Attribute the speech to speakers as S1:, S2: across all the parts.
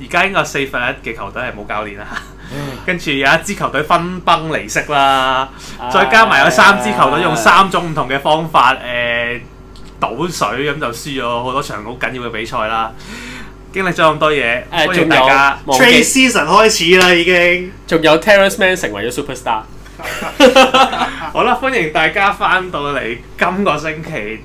S1: 而家應該四分一嘅球隊係冇教練啦，跟 住有一支球隊分崩離析啦，哎、呀再加埋有三支球隊用三種唔同嘅方法誒倒、哎呀呃、水咁就輸咗好多場好緊要嘅比賽啦。經歷咗咁多嘢，歡迎大家。Trade
S2: season 開始啦，已經。仲有 Terance Mann 成為咗 Superstar。
S1: 好啦，歡迎大家翻到嚟今個星期。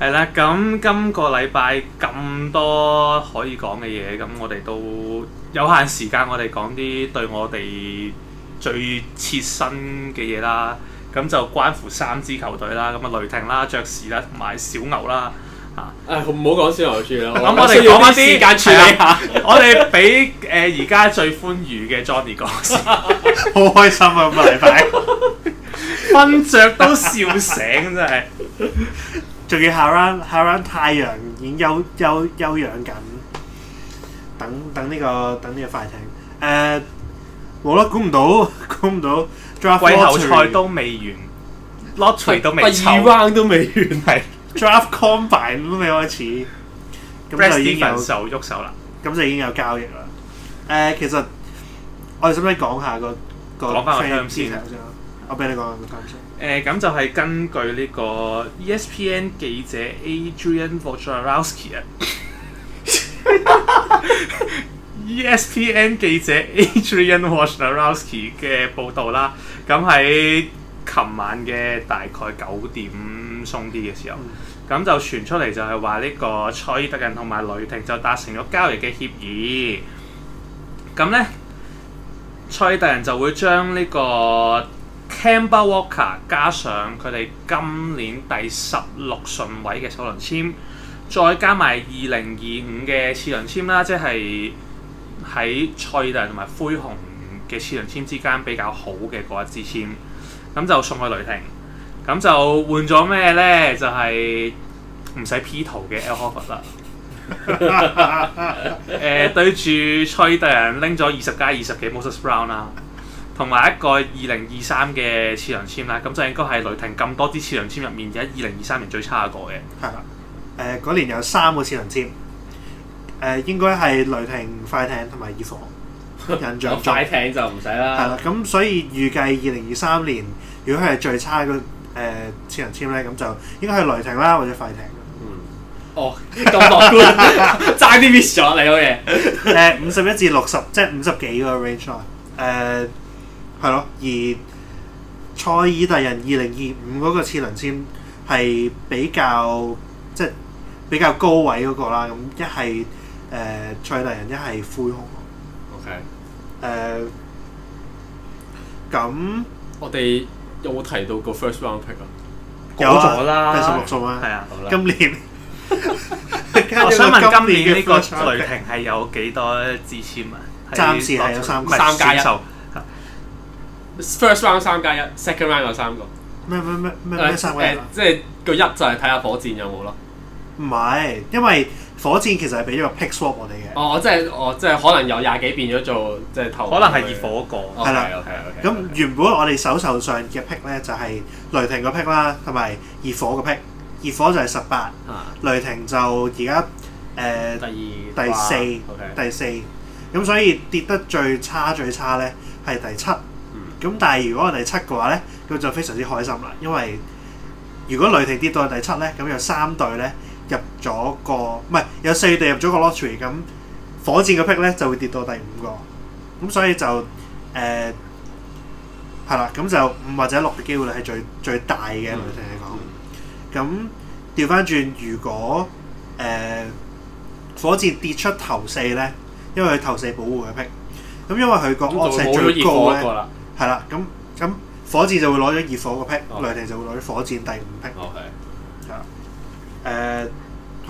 S1: 係啦，咁今個禮拜咁多可以講嘅嘢，咁我哋都有限時間，我哋講啲對我哋最切身嘅嘢啦。咁就關乎三支球隊啦，咁啊雷霆啦、爵士啦同埋小牛啦。啊，誒、哎，唔好講小牛先啦。咁 好 我哋講翻啲時間處理下，對了 我哋俾誒而家最寬裕嘅 Johnny 講先 好開心啊！咁個禮拜瞓着都笑醒，真係。
S3: 仲要下 round 下 round 太陽已經休休休養緊，等等呢、呢個等呢個快艇，誒冇啦，估唔到估唔到，季後賽都未完 lottery 都未抽，二 round 都未完，係
S1: draft combine
S3: 都未開始，咁 就已經有 Rest 手喐手啦，咁就已經有交易啦。誒、呃，其實我哋使唔使講下個個講先，我俾你講。
S1: 誒咁、呃、就係根據呢個 ESPN 記者 Adrian Wojnarowski 啊，ESPN 記者 Adrian Wojnarowski 嘅報導啦，咁喺琴晚嘅大概九點鬆啲嘅時候，咁就傳出嚟就係話呢個塞爾特人同埋雷霆就達成咗交易嘅協議，咁咧塞爾特人就會將呢、這個 Camber Walker 加上佢哋今年第十六順位嘅首輪籤，再加埋二零二五嘅次輪籤啦，即係喺賽爾特人同埋灰熊嘅次輪籤之間比較好嘅嗰一支籤，咁就送去雷霆，咁就換咗咩呢？就係唔使 P 圖嘅 Elkhoff 勒，誒、 呃、對住賽爾特人拎咗二十加二十幾 Moses Brown 啦。同埋一個二零二三嘅次輪籤啦，咁就應該係雷霆咁多支次輪籤入面而家二零二三年最差一個嘅。係啦，
S3: 誒嗰年有三個次輪籤，誒應該係雷霆、快艇同埋熱火。印象中快艇
S2: 就唔使啦。係啦，
S3: 咁所以預計二零二三年如果係最差嘅誒次輪籤咧，咁就應該係雷霆啦或者快艇。
S2: 嗯。哦，咁樂觀，
S3: 爭啲 miss 咗，你好嘢。誒五十一至六十，即係五十幾嗰個 range 啊。誒。係咯，而賽爾達人二零二五嗰個次輪籤係比較即係比較高位嗰、那個啦，咁一係誒
S2: 賽爾達人，一係灰熊。OK，誒，咁我哋有冇提到個 first round pick 了啊？有咗啦，第十六中啦，係啊，今年。 我想問今年呢個雷霆係有幾多支籤啊？暫時係三加是一。First round 三加一，second round 有三個咩咩咩咩三即係個一就係睇下火箭有冇咯。
S3: 唔係，因為火箭其實係俾咗個 pick swap 我哋
S2: 嘅、哦。哦，即係哦，即係可能有廿幾變咗做即係頭。可能係熱火嗰個係啦，係啊，
S3: 咁原本我哋手手上嘅 pick 咧就係、是、雷霆個 pick 啦，同埋熱火個 pick。熱火就係十八，雷霆就而家誒第二第四、okay。第四咁、嗯，所以跌得最差最差咧係第七。咁但係，如果我第七嘅話咧，佢就非常之開心啦。因為如果雷霆跌到第七咧，咁有三隊咧入咗個唔係有四隊入咗個 l o t 咁火箭嘅癖 i 咧就會跌到第五個。咁所以就誒係啦，咁、呃、就五或者六嘅機會咧係最最大嘅雷霆嚟講。咁調翻轉，如果誒、呃、火箭跌出頭四咧，因為佢頭四保護嘅癖，咁因為佢講惡勢最高咧。嗯嗯嗯係啦，咁咁火箭就會攞咗熱火個 pick，雷霆就會攞咗火箭第五 pick。係啊，誒，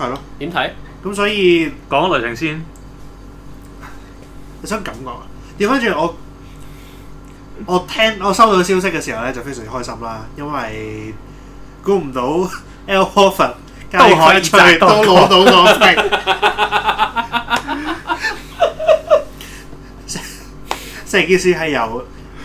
S3: 係咯。點睇？咁所以講雷霆先。你想感覺啊！調翻轉我，我聽我收到消息嘅時候咧，就非常之開心啦，因為估唔到 Al Horford 都可以追到攞到攞 pick，四四件事係有。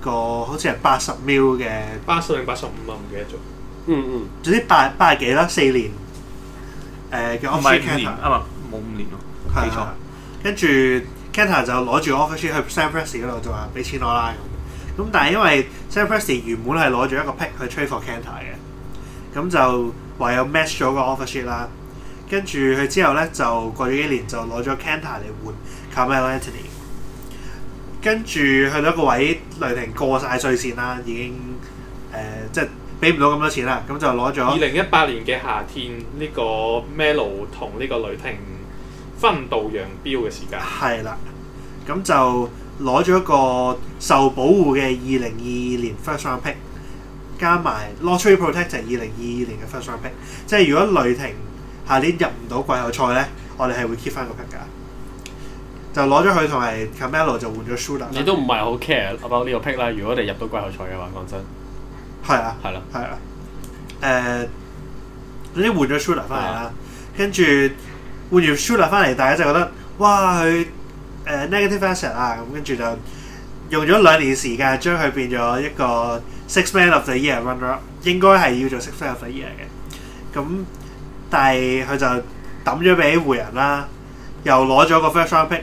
S3: 個好似係八十 mil 嘅
S1: 八十定八十五啊唔記得咗
S3: 嗯嗯總之八八幾啦四年誒叫 offer sheet Kanter 啊冇
S1: 五年咯係錯
S3: 跟住 Kanter 就攞住 offer sheet 去 Sam Presti 度就話俾錢我啦咁但係因為 Sam Presti 原本係攞住一個 pick 去 trade for Kanter 嘅咁就唯有 match 咗個 offer sheet、er、啦跟住佢之後咧就過咗幾年就攞咗 Kanter 嚟換 Carmelo Anthony 跟住去到一個位，雷霆過晒稅線啦，已經誒、呃，即係俾唔到咁多錢啦，咁就攞咗二零
S1: 一八年嘅夏天呢、呢個 Melo 同呢個雷霆分道揚鑣嘅時間。
S3: 係啦，咁就攞咗一個受保護嘅二零二二年 first round pick，加埋 lottery protect 就二零二二年嘅 first round pick，即係如果雷霆下年入唔到季後賽咧，我哋係會 keep 翻個 pick 㗎。就攞咗佢同埋 Camelo 就換咗
S2: Shula，你都唔係好 care about 呢個 pick 啦。如果你入到季後賽嘅話，講真係啊，係的的、呃、啦，係啊的，誒，總之換咗 Shula 翻嚟啦，跟住
S3: 換完 Shula 翻嚟，大家就覺得哇，佢誒、呃、negative asset 啊,咁跟住就用咗兩年時間將佢變咗一個 six man of the year runner up 應該係要做 six man of the year 嘅,咁但係佢就抌咗俾湖人啦，又攞咗個 first round pick。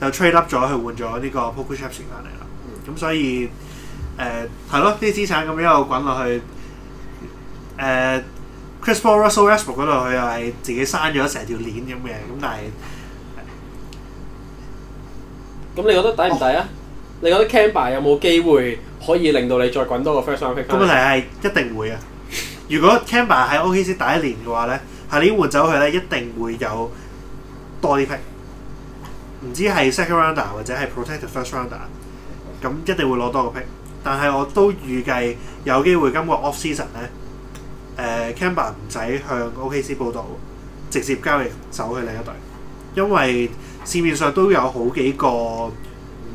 S3: 就 trade up 咗，去換咗呢個 Poker Chips 翻嚟啦。嗯，咁所以誒係咯，啲資產咁又滾落去誒 Chris Paul Russell Westbrook 嗰度，佢又係自己閂咗成條鏈咁嘅。
S2: 咁但係咁，你覺得抵唔抵啊？你覺得 Kemba 有冇機會可以令到你再滾多個 First Round Pick 翻？個問題係
S3: 一定會啊！如果 Kemba 喺 OKC 打一年嘅話咧，下年換走佢咧，一定會有多啲 Pick。唔知係 second rounder 或者係 protected first rounder，咁一定會攞多個 pick。但係我都預計有機會今個 off season 咧、呃，誒 Kemba 唔使向 OKC、OK、報到，直接交易走去另一隊，因為市面上都有好幾個唔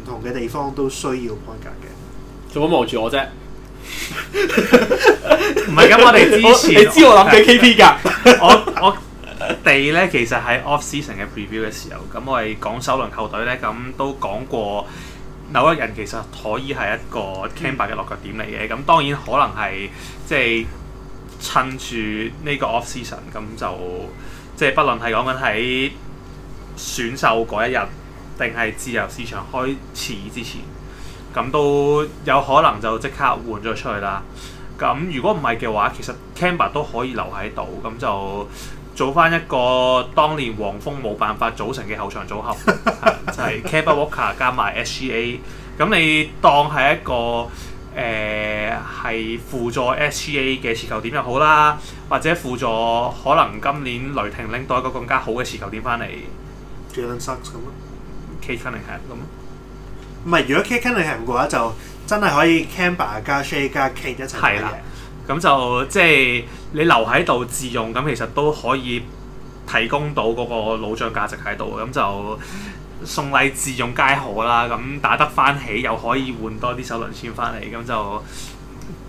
S3: 同嘅地方
S1: 都需要 point guard 嘅。
S2: 做乜望住我啫？唔係咁，我哋之前。你知我諗起 KP 㗎。
S1: 我我。地咧其實喺 off season 嘅 preview 嘅時候，咁我哋講首輪球隊咧，咁都講過紐約人其實可以係一個 Kemba 嘅落腳點嚟嘅，咁、嗯、當然可能係即係趁住呢個 off season，咁就即係不論係講緊喺選秀嗰一日，定係自由市場開始之前，咁都有可能就即刻換咗出去啦。咁如果唔係嘅話，其實 Kemba 都可以留喺度，咁就。做翻一個當年黃蜂冇辦法組成嘅後場組合， 就係、是、Kemba Walker 加埋 SGA。咁你當係一個誒係、呃、輔助 SGA 嘅持球點又好啦，或者輔助可能今年雷霆拎到一個更加好嘅持球點翻嚟。Jordan Sucks 咁 Cunningham 咁啊？
S3: 唔係，如果
S1: Cunningham 嘅話就真係可以 Kemba 加 Shai 加 K 一齊。係啦。咁就即係你留喺度自用，咁其實都可以提供到嗰個老將價值喺度。咁就送禮自用皆可啦。咁打得翻起又可以換多啲手輪錢翻嚟。咁就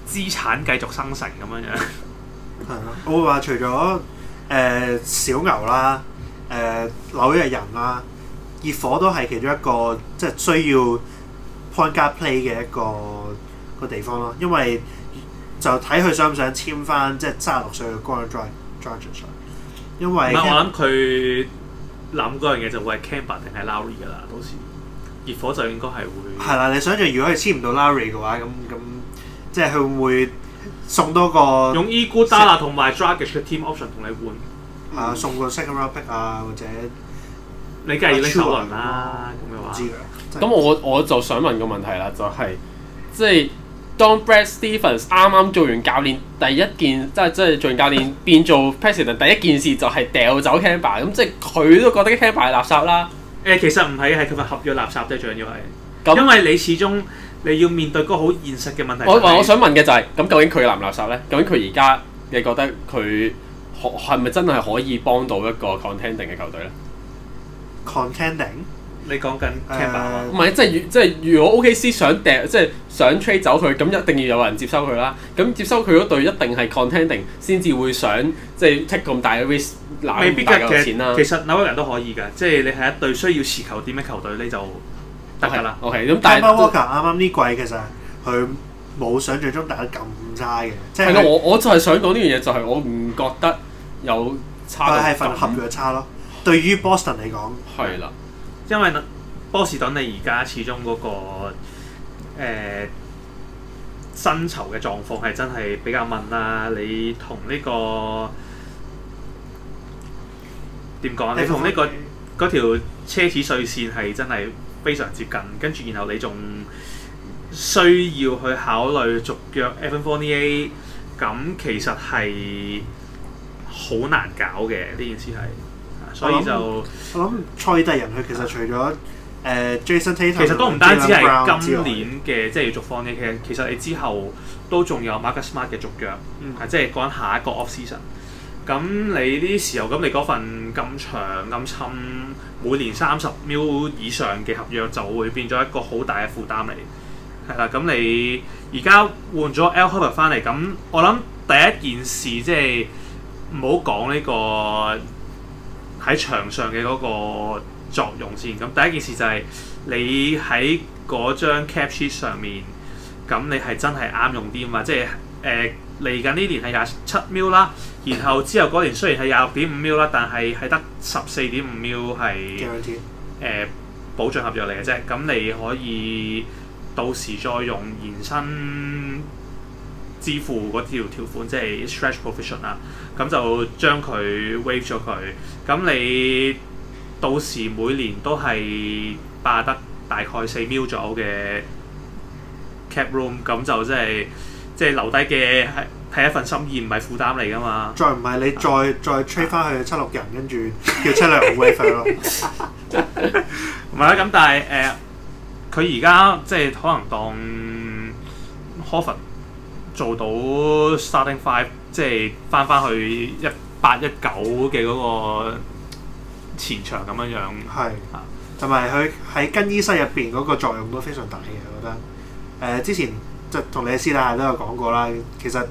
S1: 資產繼續生成咁樣樣。係
S3: 咯、啊，我會話除咗誒、呃、小牛啦、誒紐約人啦、熱火都係其中一個即係、就是、需要 point guard play 嘅一個一個,一個地方咯，因為。就睇佢想唔想簽翻即係三十六歲嘅 Goran Dragic，因為唔係我諗
S1: 佢諗嗰樣嘢就會係 Kemba 定係 Lowry 噶啦，到時熱火就應該係會係、
S3: 嗯、啦。你想象如果佢簽唔到 Lowry 嘅話，咁咁即係佢會,會送多個
S1: 用 Iguodala 同埋 Dragic 嘅 team option 同你換啊、嗯，
S3: 送個 second round pick 啊，或者
S2: 你梗係要 Lillard 啦，咁、啊啊、
S1: 樣知知
S2: 我知㗎。咁我我就想問個問題啦，就係、是、即係。當 Brad Stevens 啱啱做完教練第一件，即係即係做完教練變做 President 第一件事就係掉走 Kemba，咁、嗯、即係佢都覺得 Kemba 係垃圾啦。誒，其實唔係，係佢份合約垃圾啫，最緊要係。因為你
S1: 始終你要面對嗰個好現實嘅問題。我我想
S2: 問嘅就係、是，咁究竟佢垃唔垃圾咧？究竟佢而家你覺得佢可係咪真係可以幫到一個 contending 嘅球隊咧？Contending？你講緊 Kemba，唔係，即係如即係如果 OKC 想掟，即係想 trade 走佢，咁一定要有人接收佢啦。咁接收佢嗰隊一定係 contending 先至會想即係 take 咁大嘅 risk 攬大嚿錢啦。其實紐約
S1: 人都可以㗎，即係你係一隊需要持球啲嘅球隊，你就得㗎啦。OK，咁但係。Kemba
S3: Walker 啱啱呢季其實佢冇想象中大家咁差嘅。係啊，我我就
S1: 係想講呢樣嘢，就係我唔覺得有差。佢係份合
S3: 約差咯。對於 Boston 嚟講，
S1: 係啦。因為波士頓你而家始終嗰個薪酬嘅狀況係真係比較問啦，你同呢個點講？你同呢個嗰條奢侈稅線係真係非常接近，跟住然後你仲需要去考慮續約 Fournier，咁其實係好難搞嘅呢件事係。所以就
S3: 我諗賽德人佢其實除咗誒、呃、Jason Taylor，其實都唔單止係 len 今
S1: 年嘅即係續簽嘅，其實你之後都仲有 Marcus Smart 嘅續約，係即係講下一個 Offseason。咁你呢時候，咁你嗰份咁長咁深，每年三十 million 以上嘅合約就會變咗一個好大嘅負擔嚟。係啦，咁你而家換咗 Al Horford 翻嚟，咁我諗第一件事即係唔好講呢個。.喺場上嘅嗰個作用，先咁第一件事就係、是、你喺嗰張 cap sheet 上面咁，你係真係啱用啲嘛？即係誒嚟緊呢年係廿七 mil 啦，然後之後嗰年雖然係廿六點五 mil 啦，但係係得十四點五 mil 係誒保障合約嚟嘅啫。咁你可以到時再用延伸。支付嗰條條款即係 stretch provision 啦，咁就將佢 waive 咗佢。咁你到時每年都係霸得大概四秒左嘅 cap room，咁就即係即係留低嘅係係一份心意，唔係負擔嚟噶嘛。
S3: 再唔係你再、啊、再吹 r 翻去七六人，跟住叫七六人 waive
S1: 咯。唔係 啦，咁但係誒，佢而家即係可能當 c o v 做到 starting five，即係翻翻去一八一九嘅嗰個前場咁樣
S3: 樣，係是啊，同埋佢喺更衣室入邊嗰個作用都非常大嘅，我覺得。誒、呃、之前就同李師奶都有講過啦。其實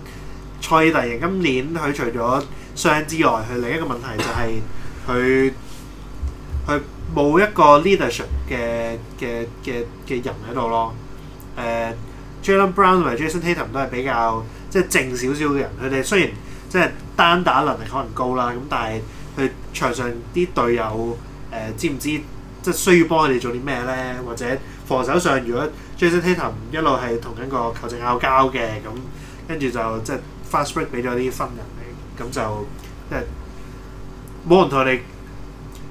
S3: 塞爾特今年佢除咗傷之外，佢另一個問題就係佢佢冇一個 leadership 嘅嘅嘅嘅人喺度咯。誒。Jaylen Brown 同埋 Jason Tatum 都係比較即係靜少少嘅人，佢哋雖然即係單打能力可能高啦，咁但係佢場上啲隊友誒知唔知即係需要幫佢哋做啲咩咧？或者防守上，如果 Jason Tatum 一路係同緊個球證拗交嘅，咁跟住就即係 fast break 俾咗啲新人嚟，咁就即係冇人同佢哋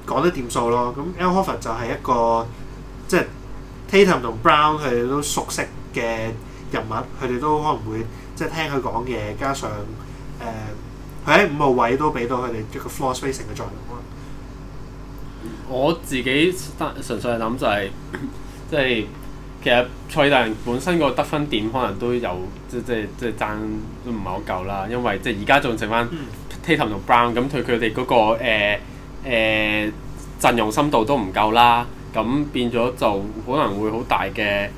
S3: 講得掂數咯。咁 Horford 就係一個即係 Tatum 同 Brown 佢哋都熟悉嘅人物，佢哋都可能會即係聽佢講嘢，加上誒，佢喺五號位都俾到佢哋一個 floor spacing 嘅作用咯。
S2: 我自己單純粹係諗就係、是，即係其實蔡大人本身個得分點可能都有，即即即爭都唔係好夠啦。因為即係而家仲剩翻 Tatum 同、嗯、Brown，咁對佢哋嗰個誒誒、呃呃、陣容深度都唔夠啦，咁變咗就可能會好大嘅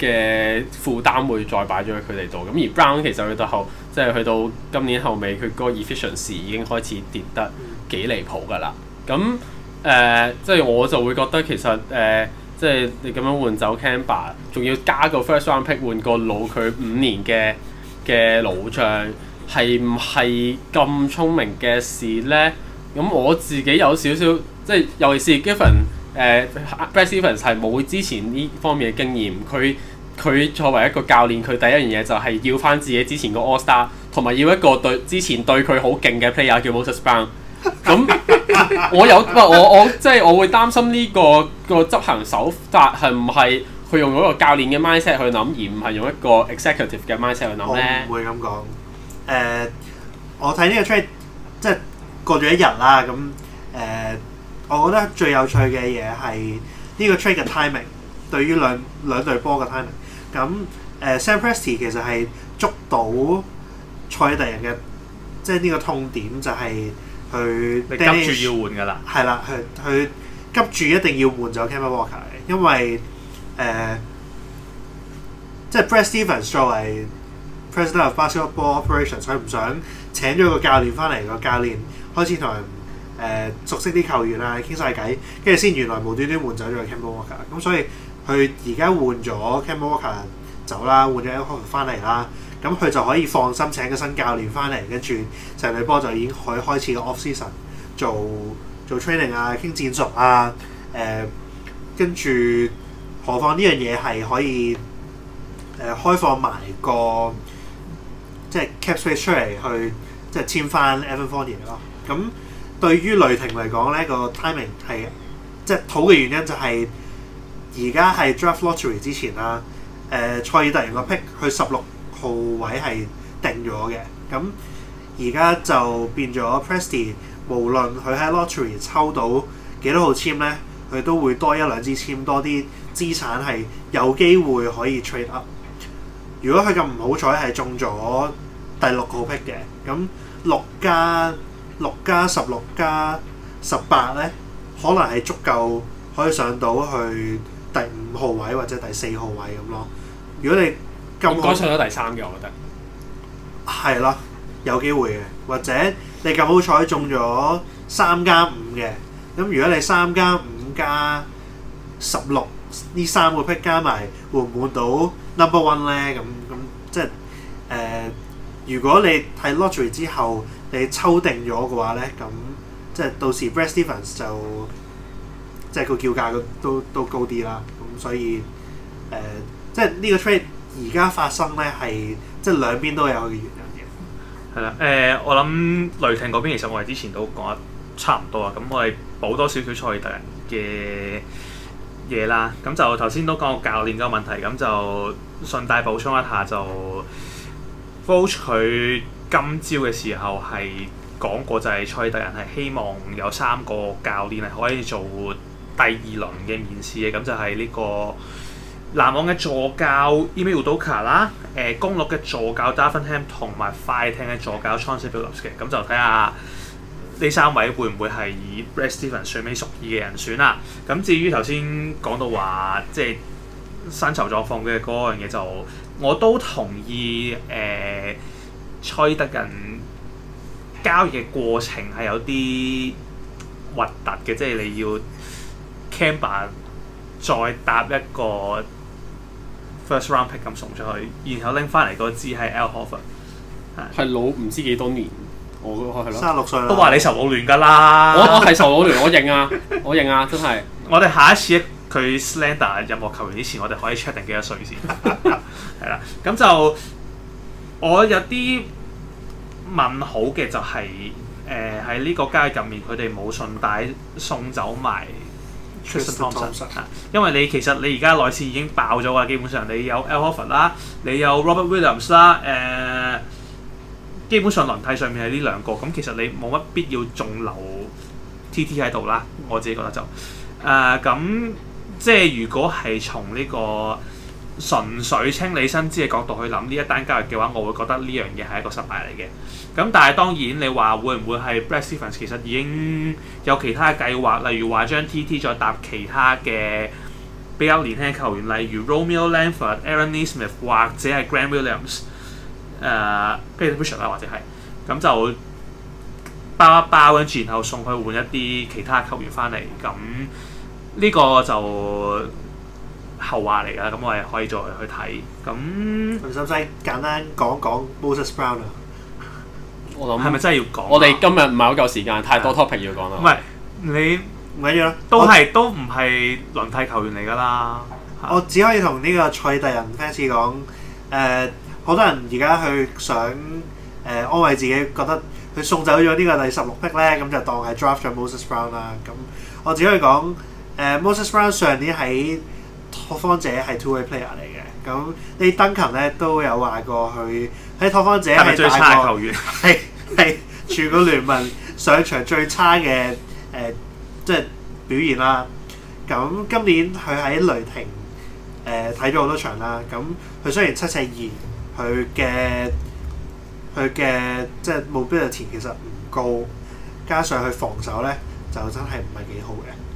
S2: 嘅負擔會再擺咗喺佢哋度，咁而 Brown 其實佢後後即係去到今年後尾，佢嗰個 efficiency 已經開始跌得幾離譜㗎啦。咁誒、呃，即係我就會覺得其實誒、呃，即係你咁樣換走 Kemba，仲要加個 first round pick 換個老佢五年嘅嘅老將，係唔係咁聰明嘅事呢？咁我自己有少少，即係尤其是 Giffen。誒、uh,，Brad Stevens 係冇之前呢方面嘅經驗。佢佢作為一個教練，佢第一樣嘢就係要翻自己之前個 All Star，同埋要一個對之前對佢好勁嘅 player 叫 Moses Brown 咁我有，我我即係我,、就是、我會擔心呢、這個、這個執行手法係唔係佢用嗰個教練嘅 mindset 去諗，而唔係用一個 executive 嘅 mindset 去諗咧、呃。我唔會咁講。誒，我睇呢個 trade 即係過咗一日啦。咁
S3: 誒。我覺得最有趣嘅嘢係呢個 trade 嘅 timing，對於兩兩隊波嘅 timing。咁誒、呃、Sam Presti 其實係捉到賽爾特人嘅，即係呢個痛點就係去急住要換㗎啦。係啦，去去急住一定要換咗 Kemba Walker 嘅，因為誒即、呃、係 Brad Stevens、就是、作為 President of Basketball Operations，佢唔想請咗個教練翻嚟，個教練開始同人。誒熟悉啲球員啊，傾晒偈，跟住先原來無端端換走咗去 Kemba Walker，咁、嗯、所以佢而家換咗 Kemba Walker 走啦，換咗 Al Horford 翻嚟啦，咁、嗯、佢就可以放心請個新教練翻嚟，跟住成隊波就已經可以開始個 off season 做做 training 啊，傾戰術啊，誒跟住何況呢樣嘢係可以誒、呃、開放埋個即係 cap space 出嚟去即係簽翻 Evan Fournier 嚟咯，咁、嗯。對於雷霆嚟講咧，呢個 timing 係，即係好嘅原因就係、係、而家係 draft lottery 之前啦。誒、呃，賽爾特人個 pick 佢十六號位係定咗嘅，咁而家就變咗 Presti。無論佢喺 lottery 抽到幾多號籤咧，佢都會多一兩支籤，多啲資產係有機會可以 trade up。如果佢咁唔好彩係中咗第六個 pick 嘅，咁六加，六加十六加十八咧，可能係足夠可以上到去第五號位或者第四號位咁咯。如果你
S2: 咁，多上咗第三嘅，我覺得
S3: 係啦，有機會嘅。或者你咁好彩中咗三加五嘅，咁如果你三加五加十六呢三個 pick 加埋，會唔會換到 number one 咧？咁咁即係誒。呃如果你喺 lottery 之後你抽定咗嘅話咧，咁即係到時 Breast Evans 就即係個叫價都都高啲啦。咁所以誒、呃，即係呢、這個 trade 而家發生咧，係即係兩邊都有嘅原因嘅。
S1: 係啦，誒、呃，我諗雷霆嗰邊其實我哋之前都講差唔多啊。咁我哋補多少少賽爾特人嘅嘢啦。咁就頭先都講過教練個問題，咁就順帶補充一下就。Vogt 佢今朝嘅時候係講過，就係賽特人係希望有三個教練係可以做第二輪嘅面試嘅，咁就係呢個籃網嘅助教 Ime Udoka 啦、呃，誒公鹿嘅助教 Darvin Ham 同埋快艇嘅助教 Chauncey Billups 嘅，咁就睇下呢三位會唔會係以 Brad Stevens 最尾屬意嘅人選啦。咁至於頭先講到話，即係。薪酬狀況嘅嗰樣嘢就，我都同意。誒、呃，崔德人交易嘅過程係有啲核突嘅，即係你要 Kemba 再搭一個 First Round Pick 咁、like、送出去，然後拎翻嚟個資係 Al Horford，係老唔知幾多年，我覺得係咯，卅六歲都話你受老亂噶啦，我我係受老亂，我認啊，我認啊，真係。 我哋下一次。佢 Slander 任何球員之前，我哋可以 check 定幾多歲先？係啦，咁 就我有啲問號嘅就係誒喺呢個交易入面，佢哋冇順帶送走埋 Tristan Thompson，啊、因為你其實你而家內線已經爆咗啊，基本上你有 Al Horford 啦，你有 Robert Williams 啦，誒、呃、基本上輪替上面係呢兩個，咁其實你冇乜必要仲留 TT 喺度啦，我自己覺得就誒咁。呃即係如果係從呢個純粹清理薪資嘅角度去諗呢一單交易嘅話，我會覺得呢樣嘢係一個失敗嚟嘅。咁但係當然你話會唔會係 Brad Stevens 其實已經有其他嘅計劃，例如話將 TT 再搭其他嘅比較年輕球員，例如 Romeo l a n f o r d Aaron Nismith 或者係 Grant Williams，誒、uh, k、啊、或者係，咁就包一包跟住然後送去換一啲其他球員翻嚟咁。呢個就後話嚟㗎啦，咁我哋可以再去睇。咁，
S2: 使唔使簡
S3: 單講講 Moses Brown 啊想？是是
S2: 我諗係咪真係要講？我哋今日唔係好夠時間，太多 topic 的要講啦。唔係，你唔緊要啦，都係都唔係輪替球員嚟噶啦。我
S3: 只可以同呢個賽特人 fans 講誒，好、呃、多人而家去想誒、呃、安慰自己，覺得佢送走咗呢個第十六匹咧，咁就當係 draft 咗 Moses Brown 啦。咁我只可以講。誒、uh，Moses Brown 上年喺拓荒者係 two way player 嚟嘅。咁呢登勤咧都有話過佢喺拓荒者係最差球員，係係 全個聯盟上場最差嘅誒，即、呃、係、就是、表現啦。咁今年佢喺雷霆誒睇咗好多場啦。咁佢雖然七尺二，佢嘅佢嘅即係 mobility 其實唔高，加上佢防守咧就真係唔
S2: 係幾好嘅。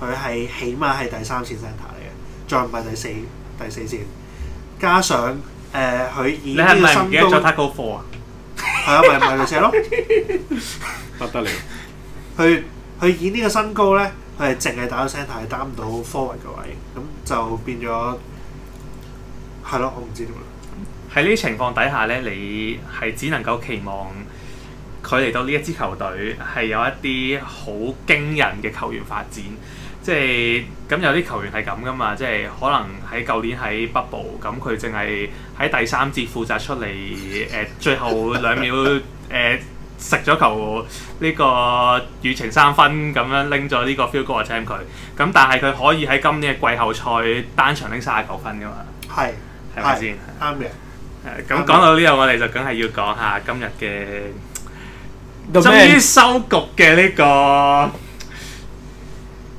S3: 佢係起碼係第三線 centre 嚟嘅，再唔係第四第四線。加上誒，佢、呃、以呢個身高再攤高 four 啊，係啊，咪咪射咯，不得了！佢佢以個呢個身高咧，佢係淨係打到 centre，係打唔到 forward 嘅位，咁就變咗係咯。我唔知點。
S1: 喺呢啲情況底下咧，你係只能夠期望佢嚟到呢一支球隊係有一啲好驚人嘅球員發展。即係咁有啲球員係咁噶嘛，即係可能喺舊年喺北部，咁佢淨係喺第三節負責出嚟，誒最後兩秒誒食咗球呢個雨晴三分，咁樣拎咗呢個 field goal 嘅 t 佢。咁但係佢可以喺今年嘅季後賽單場拎卅九分噶嘛？係係咪先？
S3: 啱
S1: 嘅。誒咁講到呢度，我哋就梗係要講下今日嘅終於
S2: 收局嘅呢個。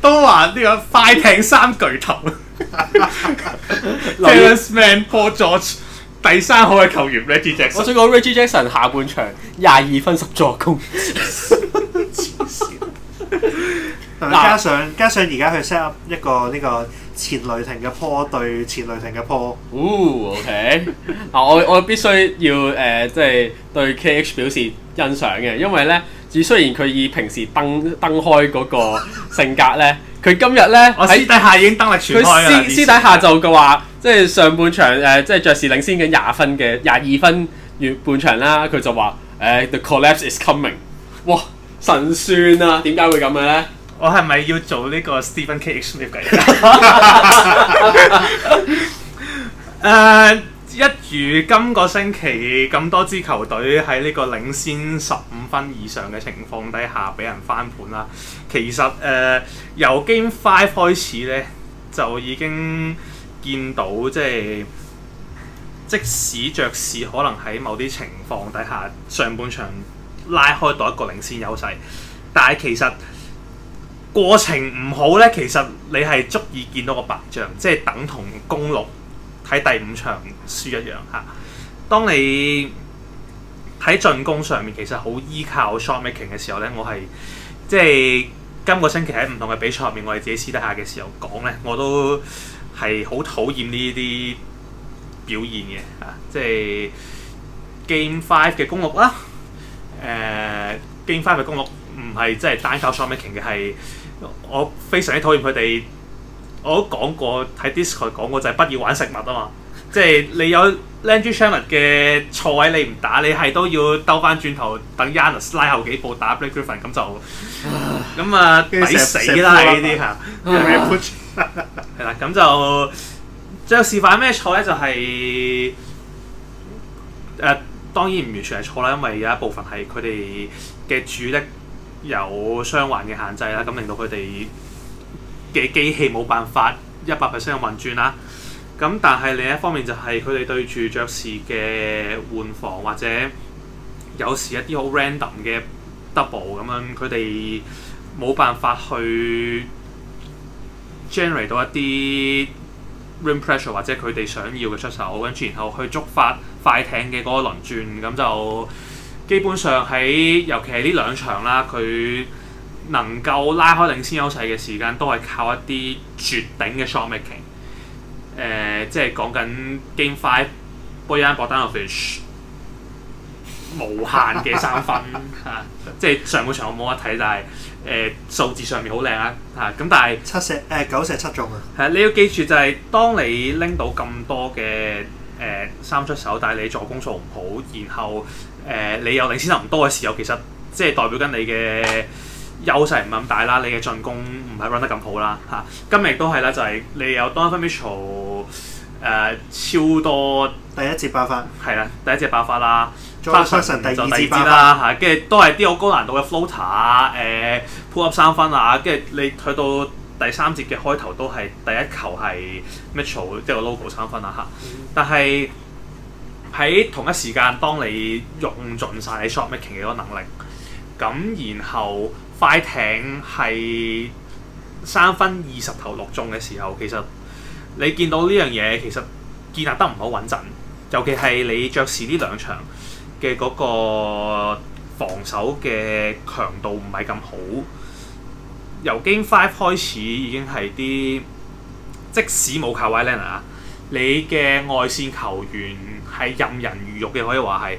S3: 都話呢個
S2: 快艇三巨頭 f i e r c Man Paul George 第三號嘅球員 Reggie Jackson，我想講 Reggie Jackson 下半場廿二分十助攻。加上加上而家佢
S3: set up 一個呢個前雷霆嘅波對前雷霆嘅波。哦
S2: ，OK。嗱、啊，我我必須要誒，即、呃、係、就是、對 KH 表示欣賞嘅，因為咧。只雖然佢以平時登蹬開嗰個性格咧，佢 今日咧我私底下已經登力全開私，私底下就嘅話， 即係上半場誒、呃，即係爵士領先嘅廿分嘅廿二分半場啦，佢就話誒、呃、The collapse is coming。哇！神算啊！點解會咁嘅咧？我係咪要做呢個 Stephen K H 嘅
S1: 一如今個星期咁多支球隊喺呢個領先十五分以上嘅情況底下俾人翻盤啦。其實誒、呃、由 Game Five 開始呢，就已經見到即係即使爵士可能喺某啲情況底下上半場拉開到一個領先優勢，但係其實過程唔好呢。其實你係足以見到個白象，即係等同公鹿。睇第五場輸一樣嚇、啊。當你喺進攻上面其實好依靠 shotmaking 嘅時候咧，我係即係今個星期喺唔同嘅比賽入面，我哋自己私底下嘅時候講咧，我都係好討厭呢啲表現嘅啊！即、就、係、是、game five 嘅攻六啦，誒、uh, game five 嘅攻六唔係即係單靠 shotmaking 嘅，係我非常之討厭佢哋。我都講過喺 Discord 講過就係不要玩食物啊嘛，即係你有 Landry Shamet 嘅錯位你唔打，你係都要兜翻轉頭等 Yannis 拉後幾步打 Blake Griffin 咁就咁啊抵死啦呢啲吓，係啦，咁就最後示範咩錯咧？就係，誒，當然唔完全係錯啦，因為有一部分係佢哋嘅主力有傷患嘅限制啦，咁令到佢哋。嘅機器冇辦法一百 percent 嘅運轉啦，咁但係另一方面就係佢哋對住爵士嘅換防或者有時一啲好 random 嘅 double 咁樣，佢哋冇辦法去 generate 到一啲 rim pressure 或者佢哋想要嘅出手，跟住然後去觸發快艇嘅嗰個輪轉，咁就基本上喺尤其係呢兩場啦，佢能夠拉開領先優勢嘅時間，都係靠一啲絕頂嘅 shotmaking。誒、呃，即係講緊 game five，Bogdanovic 無限嘅三分、 啊、即係上半場我冇得睇，但係誒、呃、數字上面好靚啊嚇。咁但係七射
S3: 誒、呃、九射七中
S1: 啊。係、啊、你要記住就係、是，當你拎到咁多嘅誒、呃、三出手，但係你助攻數唔好，然後誒、呃、你有領先得唔多嘅時候，其實即係代表緊你嘅。優勢唔係咁大啦，你嘅進攻唔係 run 得咁好啦嚇、啊。今日亦都係咧，就係、是、你有 Donovan Mitchell 誒超多第一節爆發，係啦，第一節爆發啦，再有第二節啦嚇，跟住、啊、都係啲好高難度嘅 floater 誒、呃、pull up 三分啊，跟住你去到第三節嘅開頭都係第一球係 Mitchell 即係個 logo 三分啦嚇、啊。但係喺同一時間，當你用盡晒你 shotmaking 嘅嗰個能力，咁然後。快艇係三分二十投六中嘅時候，其實你見到呢樣嘢，其實建立得唔好穩陣。尤其係你爵士呢兩場嘅嗰個防守嘅強度唔係咁好。由 Game Five 開始已經係啲，即使冇 Kawhi Leonard 啊，你嘅外線球員係任人魚肉嘅，可以話係。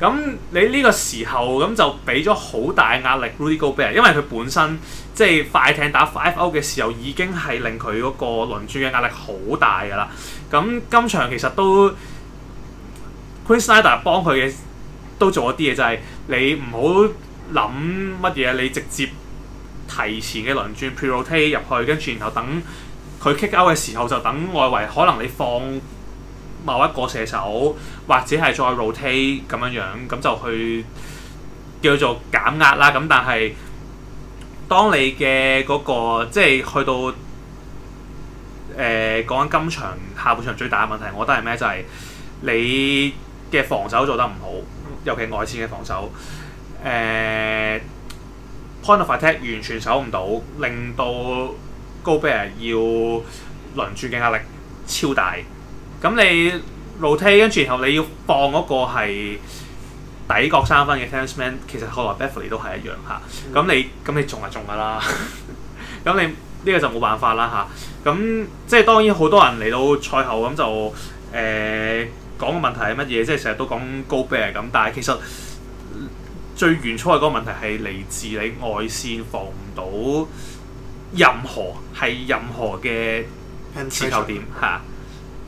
S1: 咁你呢個時候咁就俾咗好大壓力，Rudy Gobert 因為佢本身即係、就是、快艇打 Five Out 嘅時候已經係令佢嗰個輪轉嘅壓力好大㗎喇。咁今場其實都 Quin Snyder 幫佢嘅都做咗啲嘢，就係、是、你唔好諗乜嘢，你直接提前嘅輪轉 Pre-Rotate 入去，跟住然後等佢 Kick Out 嘅時候就等外圍可能你放某一個射手，或者係再 rotate 咁樣樣，咁就去叫做減壓啦。咁但係，當你嘅嗰、那個即係去到誒講緊今場下半場最大嘅問題，我覺得係咩？就係、是、你嘅防守做得唔好，尤其外線嘅防守。誒、呃、point of attack 完全守唔到，令到 Gobert 要輪轉嘅壓力超大。咁你露梯跟住然後你要放嗰個係底角三分嘅 Terance Mann 其實後來 Beverley 都係一樣嚇。咁、啊、你咁你中啊中噶啦，咁 你呢、這個就冇辦法啦嚇。咁、啊、即係當然好多人嚟到賽後咁就誒講、呃、個問題係乜嘢？即係成日都講 Gobert 係咁，但係其實最原初嘅嗰個問題係嚟自你外線防唔到任何係任何嘅持球點嚇。啊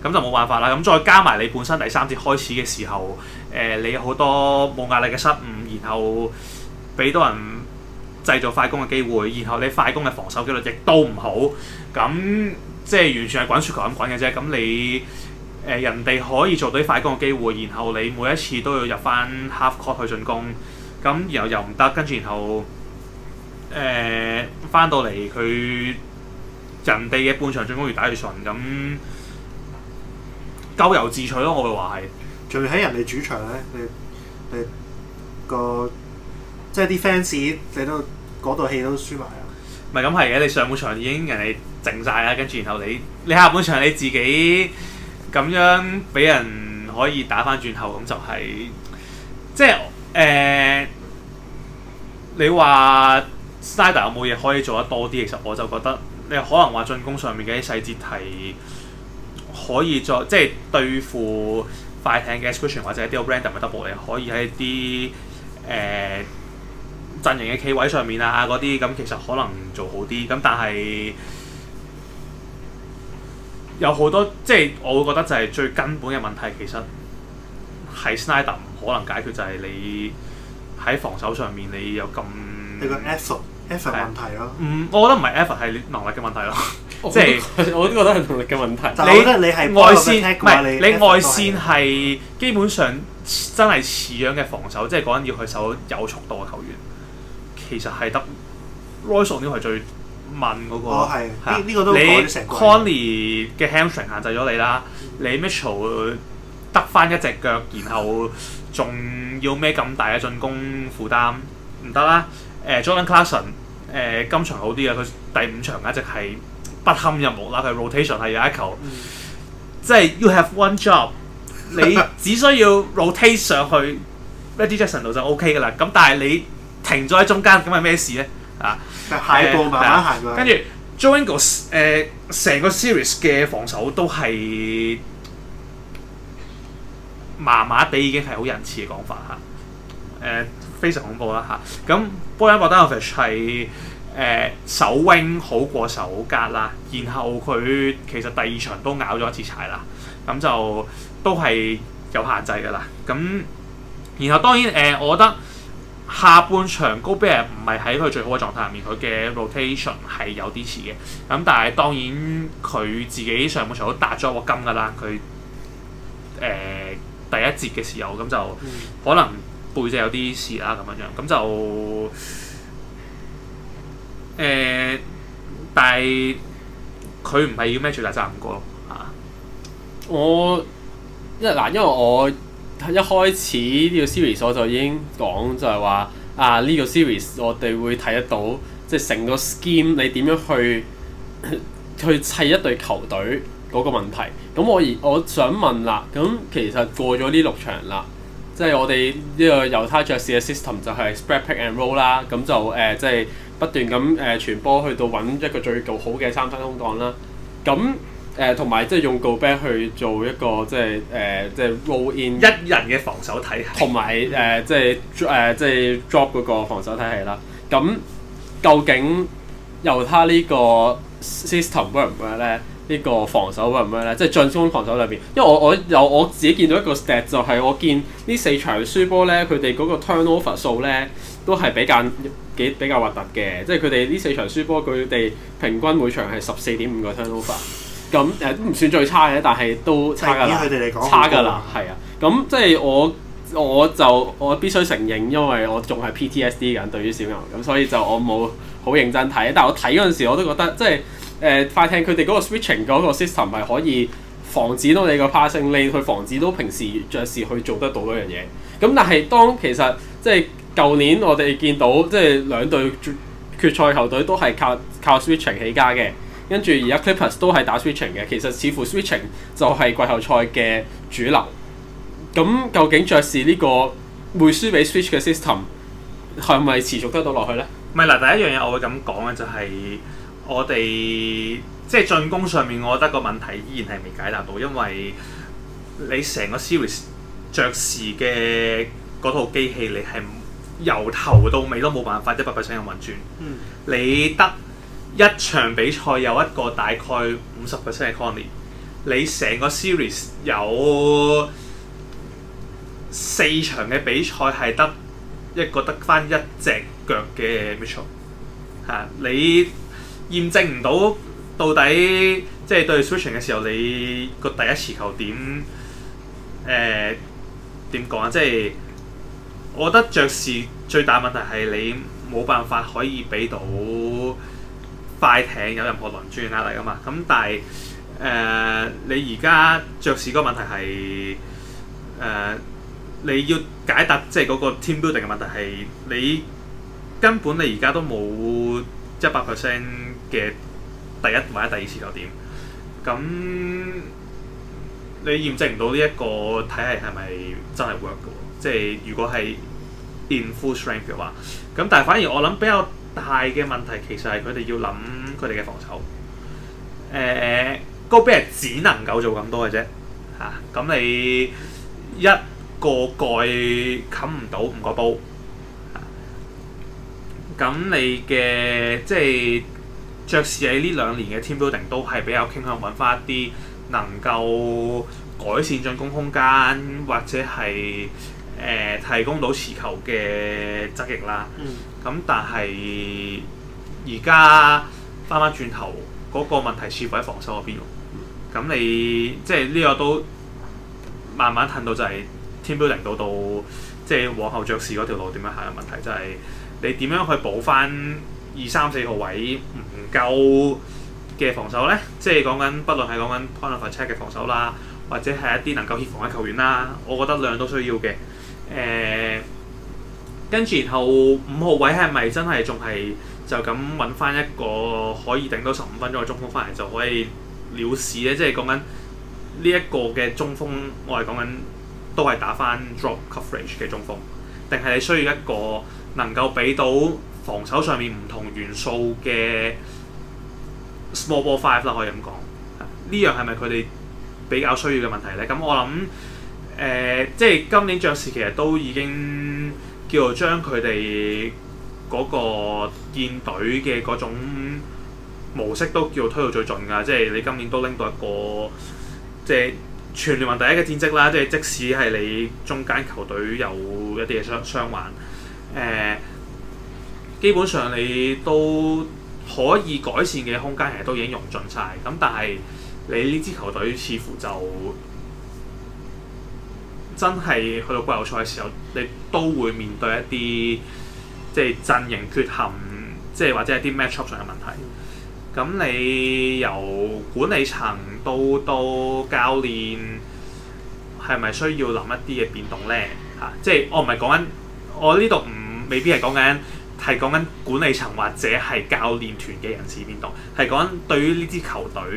S1: 咁就冇辦法啦。咁再加埋你本身第三節開始嘅時候，誒、呃、你好多冇壓力嘅失誤，然後俾多人製造快攻嘅機會，然後你快攻嘅防守機率亦都唔好。咁即係完全係滾雪球咁滾嘅啫。咁你誒、呃、人哋可以做到快攻嘅機會，然後你每一次都要入翻 half court 去進攻，咁然後又唔得，跟住然後誒翻、呃、到嚟佢人哋嘅半場進攻越打越順咁。咎由自取咯，我會話係，仲要喺人哋主場咧，你
S3: 你個即係啲 fans 你都嗰度戲都輸
S1: 埋啦。唔係咁係嘅，你上半場已經人哋靜晒啦，跟住然後你你下半場你自己咁樣俾人可以打翻轉頭，咁就係即係誒。你話 Snyder 有冇嘢可以做得多啲？其實我就覺得你可能話進攻上面嘅啲細節係。可以再即係對付快艇嘅 execution 或者啲 random 咪 double 嚟，可以喺啲誒陣型嘅企位上面啊嗰啲，咁其實可能做好啲。咁但係有好多即係我會覺得就係最根本嘅問題，其實係 Snyder 唔可能解決，就係你喺防守上面你有咁你個 effort effort 問題咯、啊。嗯，我覺得唔係 effort 係能力嘅問題咯。即係我都覺得係努力嘅問題。你覺得你係外線，唔係你外線係基本上真係似樣嘅防守，即係嗰陣要去守有速度嘅球員，其實係得 Royce O'Neale 係最問嗰個。哦，係。呢呢個都改咗成個。你 Conley 嘅 Hamstring 限制咗你啦，你 Mitchell 得翻一隻腳，然後仲要咩咁大嘅進攻負擔唔得啦。誒，Jordan Clarkson 誒今場好啲啊，佢第五場一直係。不堪任務啦，佢 rotation 係有一球，即係 you have one job，你只需要 rotate 上去 Reggie Jackson 度就 OK 噶啦。咁但係你停咗喺中間，咁係咩事咧？啊，下一步慢慢行跟住 Joe Ingles 誒，成個 series 嘅防守都係麻麻地，已經係好仁慈嘅講法嚇。誒，非常恐怖啦嚇。咁 Bojan Bogdanovic 係。誒守、呃、wing 好過守格啦，然後佢其實第二場都咬咗一次柴啦，咁、嗯、就都係有限制噶啦。咁、嗯、然後當然誒、呃，我覺得下半場高比唔係喺佢最好嘅狀態入面，佢嘅 rotation 係有啲似嘅。咁、嗯、但係當然佢自己上半場都達咗個金噶啦，佢誒、呃、第一節嘅時候咁、嗯嗯、就可能背脊有啲事啦，咁樣樣咁就。誒、嗯，但係佢唔係要孭住大責任過咯嚇。是
S2: 是我因為嗱，因為我一開始呢個 series 我就已經講就係話啊，呢、這個 series 我哋會睇得到，即係成個 scheme 你點樣去 去砌一隊球隊嗰個問題。咁我而我想問啦，咁其實過咗呢六場啦，即、就、係、是、我哋呢個猶他爵士嘅 system 就係 spread pick and roll 啦，咁、呃、就誒即係。不斷咁誒、呃、傳波去到揾一個最夠好嘅三分空檔啦，咁誒同埋即係用 go back 去做一個即係誒即係 roll in 一人嘅防守體系，同埋誒即係誒即係 drop 嗰個防守體系啦。咁究竟由他呢個 system run 咧，呢個防守 run 咧，即係進攻防守裏邊，因為我我有我自己見到一個 stat 就係我見呢四場輸波咧，佢哋嗰個 turnover 數咧。都係比較幾比較核突嘅，即係佢哋呢四場輸波，佢哋平均每場係十四點五個 turnover。咁誒都唔算最差嘅，但係都差㗎啦。佢哋嚟講差㗎啦，係啊。咁即係我我就我必須承認，因為我仲係 PTSD 緊對於小牛，咁所以就我冇好認真睇。但係我睇嗰陣時，我都覺得即係誒、呃、快艇佢哋嗰個 switching 嗰個 system 係可以防止到你個 passing，你去防止到平時爵士去做得到嗰樣嘢。咁但係當其實即係。舊年我哋見到即係兩隊決決賽球隊都係靠靠 switching 起家嘅，跟住而家 Clippers 都係打 switching 嘅。其實似乎 switching 就係季後賽嘅主流。咁究竟爵士呢個會輸俾 switch 嘅 system 係咪持續得到落去呢？唔係嗱，第一樣嘢我會咁
S1: 講嘅就係我哋即係進攻上面，我覺得個問題依然係未解答到，因為你成個 series 爵士嘅嗰套機器你係由頭到尾都冇辦法一百 percent 咁運轉， 你得一場比賽有一個大概五十 percent 嘅 c o 你成個 series 有四場嘅比賽係得一個得翻一隻腳嘅 matchup 嚇，你驗證唔到到底即係對 switching 嘅時候，你個第一次球點誒點講啊？即係我覺得爵士最大問題係你冇辦法可以俾到快艇有任何輪轉嘅壓力啊嘛，咁但係誒、呃、你而家爵士嗰個問題係，呃、你要解答即係嗰個 team building 嘅問題係你根本你而家都冇一百 percent 嘅第一或者第二次就點，咁你驗證唔到呢一個體系係咪真係 work 㗎？即係如果係 in full strength 嘅話，咁但係反而我諗比較大嘅問題，其實係佢哋要諗佢哋嘅防守。誒、呃，高比係只能夠做咁多嘅啫，嚇、啊。咁你一個蓋蓋冚唔到五個煲，咁、啊、你嘅即係爵士喺呢兩年嘅 team building 都係比較傾向揾翻一啲能夠改善進攻空間或者係。誒、呃、提供到持球嘅側翼啦，咁、嗯、但係而家翻翻轉頭嗰、那個問題，似乎喺防守嗰邊咁你即係呢個都慢慢褪到，就是、到，到，就係 team building 度度，即係往後爵士嗰條路點樣行嘅問題，就係、是、你點樣去補翻二三四號位唔夠嘅防守咧？即係講緊不論係講緊 point of attack 嘅防守啦，或者係一啲能夠協防嘅球員啦，我覺得兩樣都需要嘅。誒、呃，跟住然後五號位係咪真係仲係就咁揾翻一個可以頂到十五分鐘嘅中鋒翻嚟就可以了事咧？即係講緊呢一個嘅中鋒，我係講緊都係打翻 drop coverage 嘅中鋒，定係你需要一個能夠俾到防守上面唔同元素嘅 small ball five 啦？可以咁講，呢樣係咪佢哋比較需要嘅問題咧？咁我諗。誒、呃，即係今年爵士其實都已經叫做將佢哋嗰個建隊嘅嗰種模式都叫推到最盡㗎。即係你今年都拎到一個即係全聯盟第一嘅戰績啦。即係即使係你中間球隊有一啲嘅傷傷患，誒、呃，基本上你都可以改善嘅空間其實都已經用盡晒。咁但係你呢支球隊似乎就～真係去到季後賽嘅時候，你都會面對一啲即係陣型缺陷，即係或者係啲 matchup 上嘅問題。咁你由管理層到到教練，係咪需要諗一啲嘅變動呢？嚇、啊，即係我唔係講緊，我呢度唔未必係講緊，係講緊管理層或者係教練團嘅人事變動，係講緊對於呢支球隊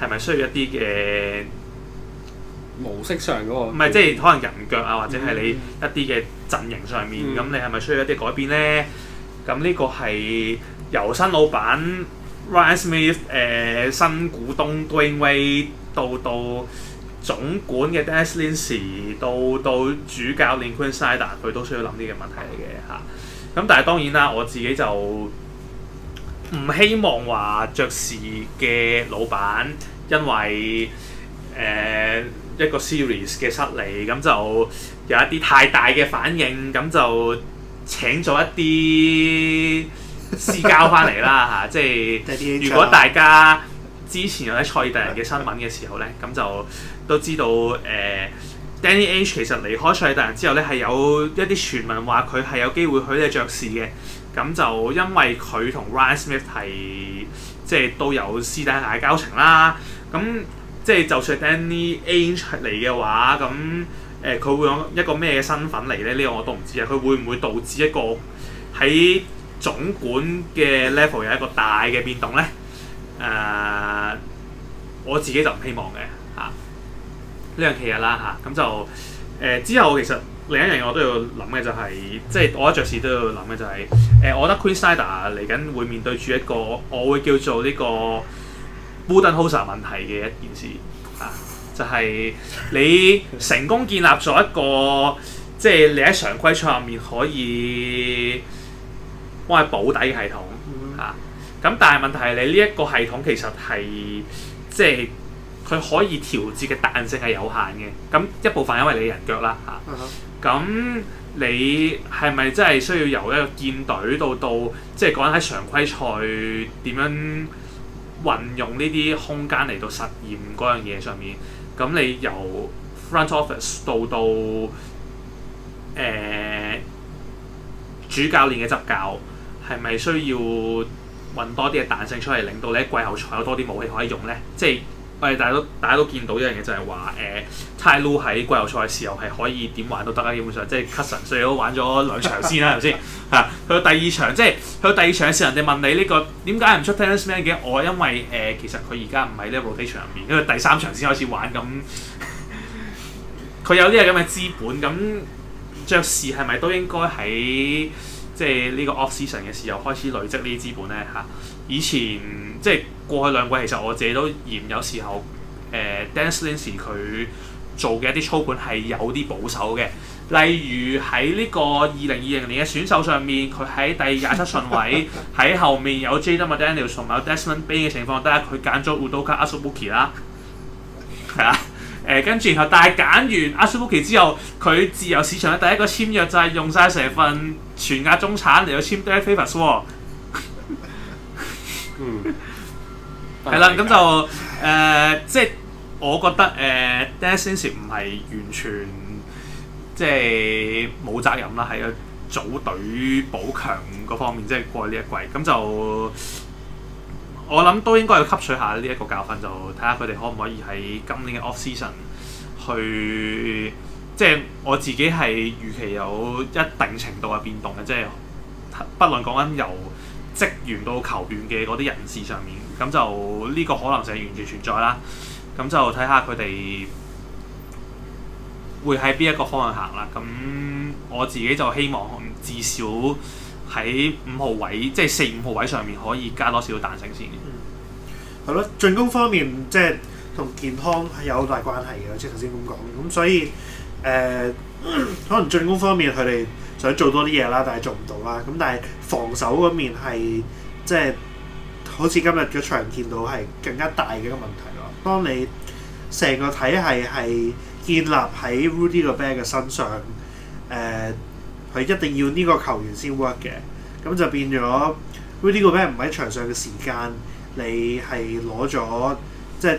S1: 係咪需要一啲嘅？模式上嗰個，唔係即係可能人腳啊，或者係你一啲嘅陣型上面，咁、嗯、你係咪需要一啲改變咧？咁呢個係由新老闆 Ryan Smith 誒、呃、新股東 Dwyane 到到總管嘅 Dennis Lindsey 到到主教練 Quin Snyder 佢都需要諗呢個問題嚟嘅嚇。咁、啊、但係當然啦，我自己就唔希望話爵士嘅老闆因為誒、呃一個 series 嘅失利，咁就有一啲太大嘅反應，咁就請咗一啲私交翻嚟啦吓，即係如果大家之前有睇賽爾特人嘅新聞嘅時候咧，咁就都知道誒、呃、Danny H 其實離開賽爾特人之後咧，係有一啲傳聞話佢係有機會去呢爵士嘅，咁就因為佢同 Ryan Smith 係，即係都有私底下嘅交情啦，咁。即係就算 Danny Ainge 嚟嘅話，咁誒佢會用一個咩身份嚟呢？呢、這個我都唔知啊。佢會唔會導致一個喺總管嘅 level 有一個大嘅變動呢？誒、呃，我自己就唔希望嘅嚇。呢樣嘢啦嚇，咁、啊啊、就誒、呃、之後其實另一樣我都要諗嘅就係、是，即、就、係、是、我一着事都要諗嘅就係、是、誒、呃，我覺得 Quin Snyder 嚟緊會面對住一個我會叫做呢、這個。布登霍薩問題嘅一件事啊，就係、是、你成功建立咗一個，即、就、係、是、你喺常規賽入面可以幫佢保底嘅系統啊。咁但係問題係你呢一個系統其實係，即係佢可以調節嘅彈性係有限嘅。咁一部分因為你人腳啦嚇，咁、啊啊 uh huh. 你係咪真係需要由一個建隊到到，即係講緊喺常規賽點樣，運用呢啲空間嚟到實驗嗰樣嘢上面，咁你由 front office 到到誒、呃、主教練嘅執教，係咪需要揾多啲嘅彈性出嚟，令到你喺季後賽有多啲武器可以用呢？即係。我哋大家都大家都見到一樣嘢，就係話誒 Ty Lue 喺季後賽嘅時候係可以點玩都得啊！基本上即係 cushion 所以都玩咗兩場先啦，係咪先？嚇，去到第二場即係去到第二場嘅時候，人哋問你呢、這個點解唔出 Terance Mann 嘅？我因為誒、呃，其實佢而家唔喺呢 level two 場入面，佢第三場先開始玩，咁佢 有啲咁嘅資本，咁爵士係咪都應該喺即係呢個 off season 嘅時候開始累積呢啲資本咧？嚇、啊？以前即係過去兩季，其實我自己都嫌有時候誒，Dennis Lindsey 佢做嘅一啲操盤係有啲保守嘅。例如喺呢個二零二零年嘅選手上面，佢喺第二十七順位喺 後面有 Jaden McDaniels 同埋 Desmond Bane 嘅情況底下，佢揀咗 Udoka Azubuike 啦，係啊，誒、呃、跟住然後，但係揀完 Azubuike 之後，佢自由市場嘅第一個簽約就係、是、用晒成份全額中產嚟到簽 Derrick Favors 嗯，係啦，咁 就誒，uh, 即係我覺得誒，Dennis Lindsey 唔係完全即係冇責任啦，喺個組隊補強嗰方面，即係過呢一季，咁就我諗都應該要吸取下呢一個教訓，就睇下佢哋可唔可以喺今年嘅 Off Season 去，即係我自己係預期有一定程度嘅變動嘅，即係不論講緊由職員到球員嘅嗰啲人士上面，咁就呢、這個可能就係完全存在啦。咁就睇下佢哋會喺邊一個方向行啦。咁我自己就希望至少喺五號位，即係四五號位上面可以加多少彈性先。嗯，
S3: 係咯，進攻方面即係同健康係有好大關係嘅，即係頭先咁講。咁所以誒。呃可能進攻方面佢哋想做多啲嘢啦，但係做唔到啦。咁但係防守嗰面係即係，好似今日嘅場見到係更加大嘅一個問題咯。當你成個體系係建立喺 Rudy 個 Gobert 嘅身上，誒、呃，佢一定要呢個球員先 work 嘅，咁就變咗 Rudy 個 Gobert 唔喺場上嘅時間，你係攞咗即係。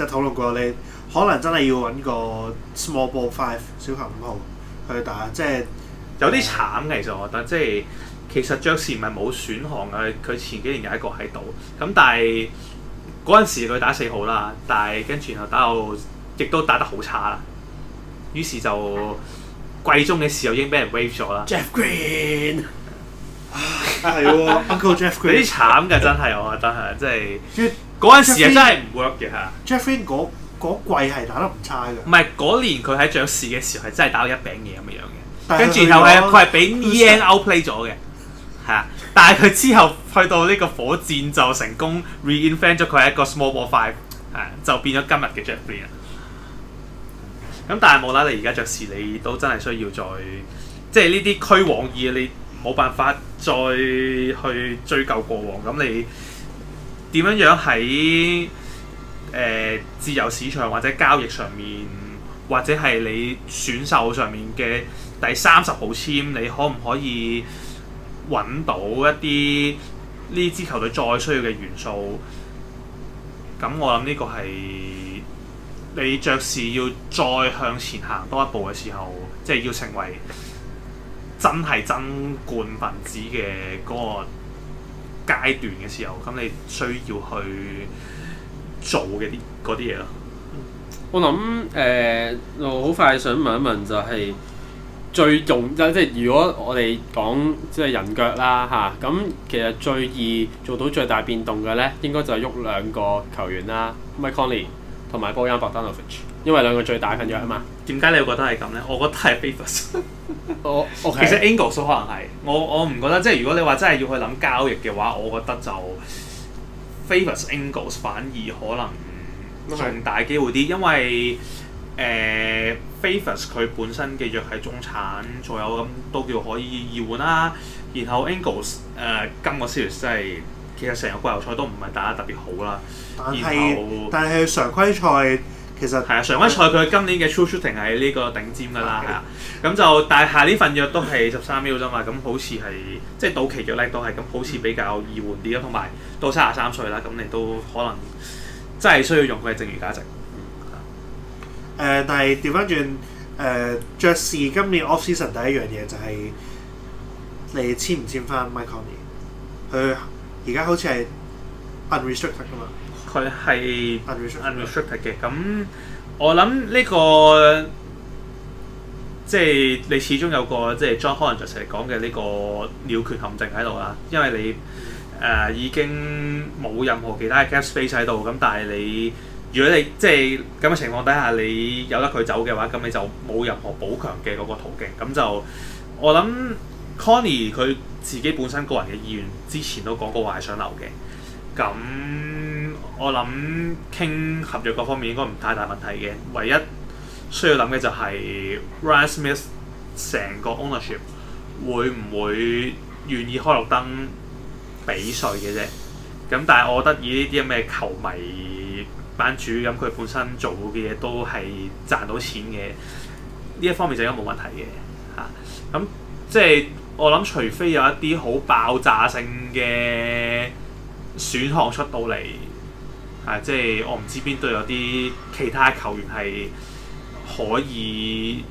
S3: 就係討論過，你
S1: 可能真係要揾個 small ball five，小球五號去打，即係有啲慘嘅。其實我覺得，即係其實 Jazz 唔係冇選項嘅，佢前幾年有一個喺度，咁但係嗰陣時佢打四號啦，但係跟住然後打到亦都打得好差啦，於是就季中嘅時候已經俾人 wave 咗啦。Jeff Green，係喎、 啊、 Uncle Jeff Green，有啲慘嘅真係，我覺得係即係。就是
S3: 嗰陣時真係唔 work 嘅吓 Jeffrey 嗰季
S1: 係打得唔差嘅。唔係嗰年佢喺爵士嘅時候係真係打到一餅嘢咁嘅樣
S3: 嘅，跟住後
S1: 尾佢係俾 ENO play 咗嘅，係啊！但係佢之後去到呢個火箭就成功 reinvent 咗佢係一個 small ball five，係、啊、就變咗今日嘅 Jeffrey 啊！咁但係冇啦，你而家爵士你都真係需要再即係呢啲驅往意你冇辦法再去追究過往咁你。點樣樣喺誒自由市場或者交易上面，或者係你選秀上面嘅第三十號簽，你可唔可以揾到一啲呢支球隊再需要嘅元素？咁我諗呢個係你爵士要再向前行多一步嘅時候，即係要成為真係爭冠分子嘅嗰個階段嘅時候，
S2: 咁你需要去做嘅啲啲嘢咯。我諗誒，我好快想問一問、就是，就係最重，即係如果我哋講即係人腳啦嚇，咁、啊、其實最易做到最大變動嘅咧，應該就係喐兩個球員啦，Mike Conley 同埋波因巴丹諾維奇，ley, ovich, 因為兩個最大份約啊嘛。Mm hmm. 點解你會覺得係咁呢？我覺得係 Favor s 我我、oh, okay. 其實
S1: Angles 可能係我我唔覺得，即係如果你話真係要去諗交易嘅話，我覺得就 Favors Angles 反而可能仲大機會啲，Okay. 因為誒、呃、Favors 佢本身嘅約喺中產左右咁都叫可以易換啦、啊。然後 Angles 誒、呃、今個 series 真係其實成個季後賽都唔係打得特別好啦、啊，但係是後但
S3: 係常規賽。其實
S1: 係啊，常規賽佢今年嘅 true shooting 係呢個頂尖㗎啦，係啊的。咁就但係呢份約都係十三秒啫嘛，咁好似係即係到期約咧，都係咁好似比較易換啲咯。同埋、嗯、到三十三歲啦，咁你都可能真係需要用佢嘅剩餘價值。誒、嗯
S3: 呃，但係調翻轉誒，爵士、呃就是、今年 off season 第一樣嘢就係你簽唔簽翻 Mike Conley？佢而家好似係
S1: unrestricted 㗎嘛。佢係 unrestricted 嘅，咁、嗯、我諗呢、這個即係你始終有個即係 John Hollinger 成日講嘅呢個鳥缺陷阱喺度啦，因為你誒、呃、已經冇任何其他嘅 cap space 喺度，咁但係你如果你即係咁嘅情況底下，你有得佢走嘅話，咁你就冇任何補強嘅嗰個途徑，咁、嗯、就我諗 Connie 佢自己本身個人嘅意願之前都講過話係想留嘅，咁、嗯。我諗傾合約各方面應該唔太大問題嘅，唯一需要諗嘅就係 Ryan Smith 成個 ownership 會唔會願意開綠燈俾稅嘅啫？咁但係我覺得以呢啲咁嘅球迷班主，咁佢本身做嘅嘢都係賺到錢嘅，呢一方面就應該冇問題嘅。吓，咁即係我諗，除非有一啲好爆炸性嘅選項出到嚟。係、啊，即係我唔知邊度有啲其他球員係可以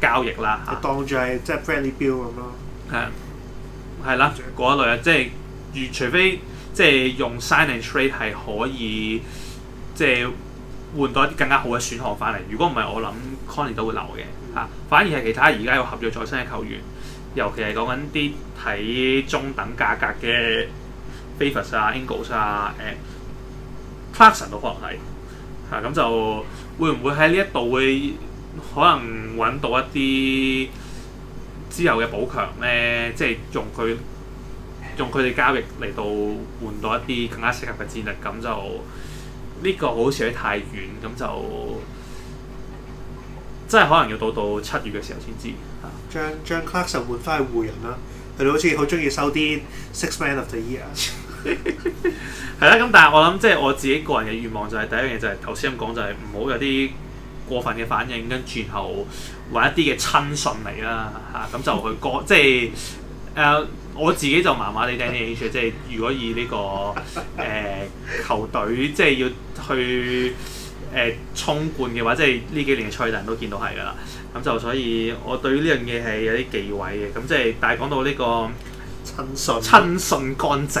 S1: 交易啦，嚇。
S3: 當住係、啊、即係 friendly bill 咁咯。
S1: 係係啦，嗰一類啊，即係如除非即係用 sign and trade 係可以即係換到一啲更加好嘅選項翻嚟。如果唔係，我諗 Conley 都會留嘅嚇、啊。反而係其他而家有合約在身嘅球員，尤其係講緊啲睇中等價格嘅 Favors 啊、Ingles 啊、誒、呃。Clarkson 都可能係吓，咁就會唔會喺呢一度會可能揾到一啲之後嘅補強咧？即係用佢用佢哋交易嚟到換到一啲更加適合嘅戰力，咁就呢個好似喺太遠，咁就真係可能要到到七月嘅時候先知吓。將將 Clarkson
S3: 換翻去湖人啦，佢哋好似好中意收啲 Six Man of the Year。
S1: 係啦，咁 但係我諗，即係我自己個人嘅願望就係、是、第一樣嘢就係頭先咁講，就係唔好有啲過分嘅反應，跟住後揾一啲嘅親信嚟啦嚇，咁、啊、就去過， 即係誒、呃、我自己就麻麻地掟啲 H，即係如果以呢、這個誒、呃、球隊即係要去誒衝、呃、冠嘅話，即係呢幾年嘅賽事都見到係㗎啦，咁就所以我對於呢樣嘢係有啲忌諱嘅，咁即係但係講到呢、這個親信親信乾淨。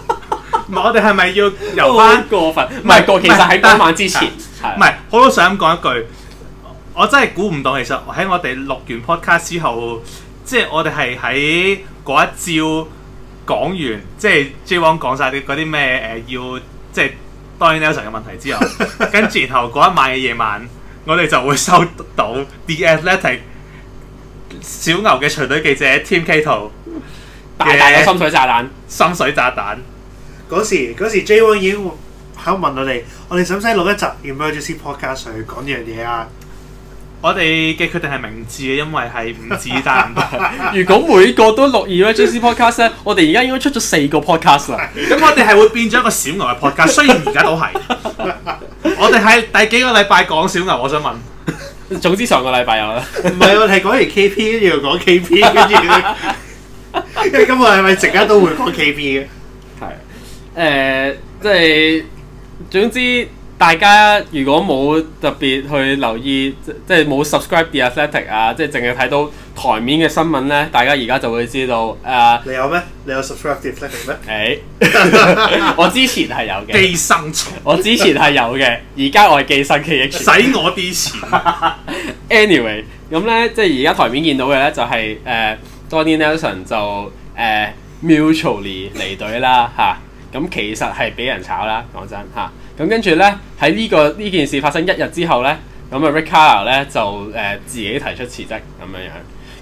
S1: 我哋係咪要由翻、哦、過分？唔係是過，其實喺今晚之前，唔係我都想講一句，我真係估唔到，其實喺我哋錄完 podcast 之後，即、就、係、是、我哋係喺嗰一招講完，即係 JWong 講晒啲啲咩誒要，即係當然 Elzar 嘅問題之後， 跟住然後嗰一晚嘅夜晚，我哋就會收到 The Athletic 小牛嘅隨隊記者 Tim Cato 大大嘅深水炸彈，深水炸彈。嗰時
S3: 嗰時 JWong 已經喺度問我哋，我哋使唔使錄一集《Emergency Podcast》去講呢樣
S1: 嘢啊？我哋嘅決定係明智嘅，因為係唔止一單。
S2: 如果每個都錄《Emergency Podcast》咧，我哋而家應該出咗四個 podcast 啦。咁 我哋係會變咗一個小牛嘅 podcast，雖然而家都係。 我哋喺第幾個禮拜講小牛？
S1: 我想問。 總之上個禮拜有啦。唔係喎，我哋係講完 KP
S3: 跟住講 KP 跟住， 因為今日係咪成日都會
S2: 講 KP 嘅？誒、呃，即係總之，大家如果冇特別去留意，即係冇 subscribe 啲 the Athletic 啊，即係淨係睇到台面嘅新聞咧，大家而家就會知道誒、啊。你有咩？
S3: 你有 subscribe 啲 the Athletic
S2: 咩？誒， 我之前係有嘅。寄
S1: 生蟲。我之前係
S2: 有嘅，而家我係寄生嘅野。使我啲錢。 anyway，咁咧，即係而家台面見到嘅咧，就係、是、誒、呃、Donnie Nelson 就誒、呃、mutually 離隊啦，嚇、啊。咁其實係俾人炒啦，講真嚇。咁跟住咧，喺呢、這個呢件事發生一日之後咧，咁啊 Rick Carlisle 咧就誒、呃、自己提出辭職咁樣樣。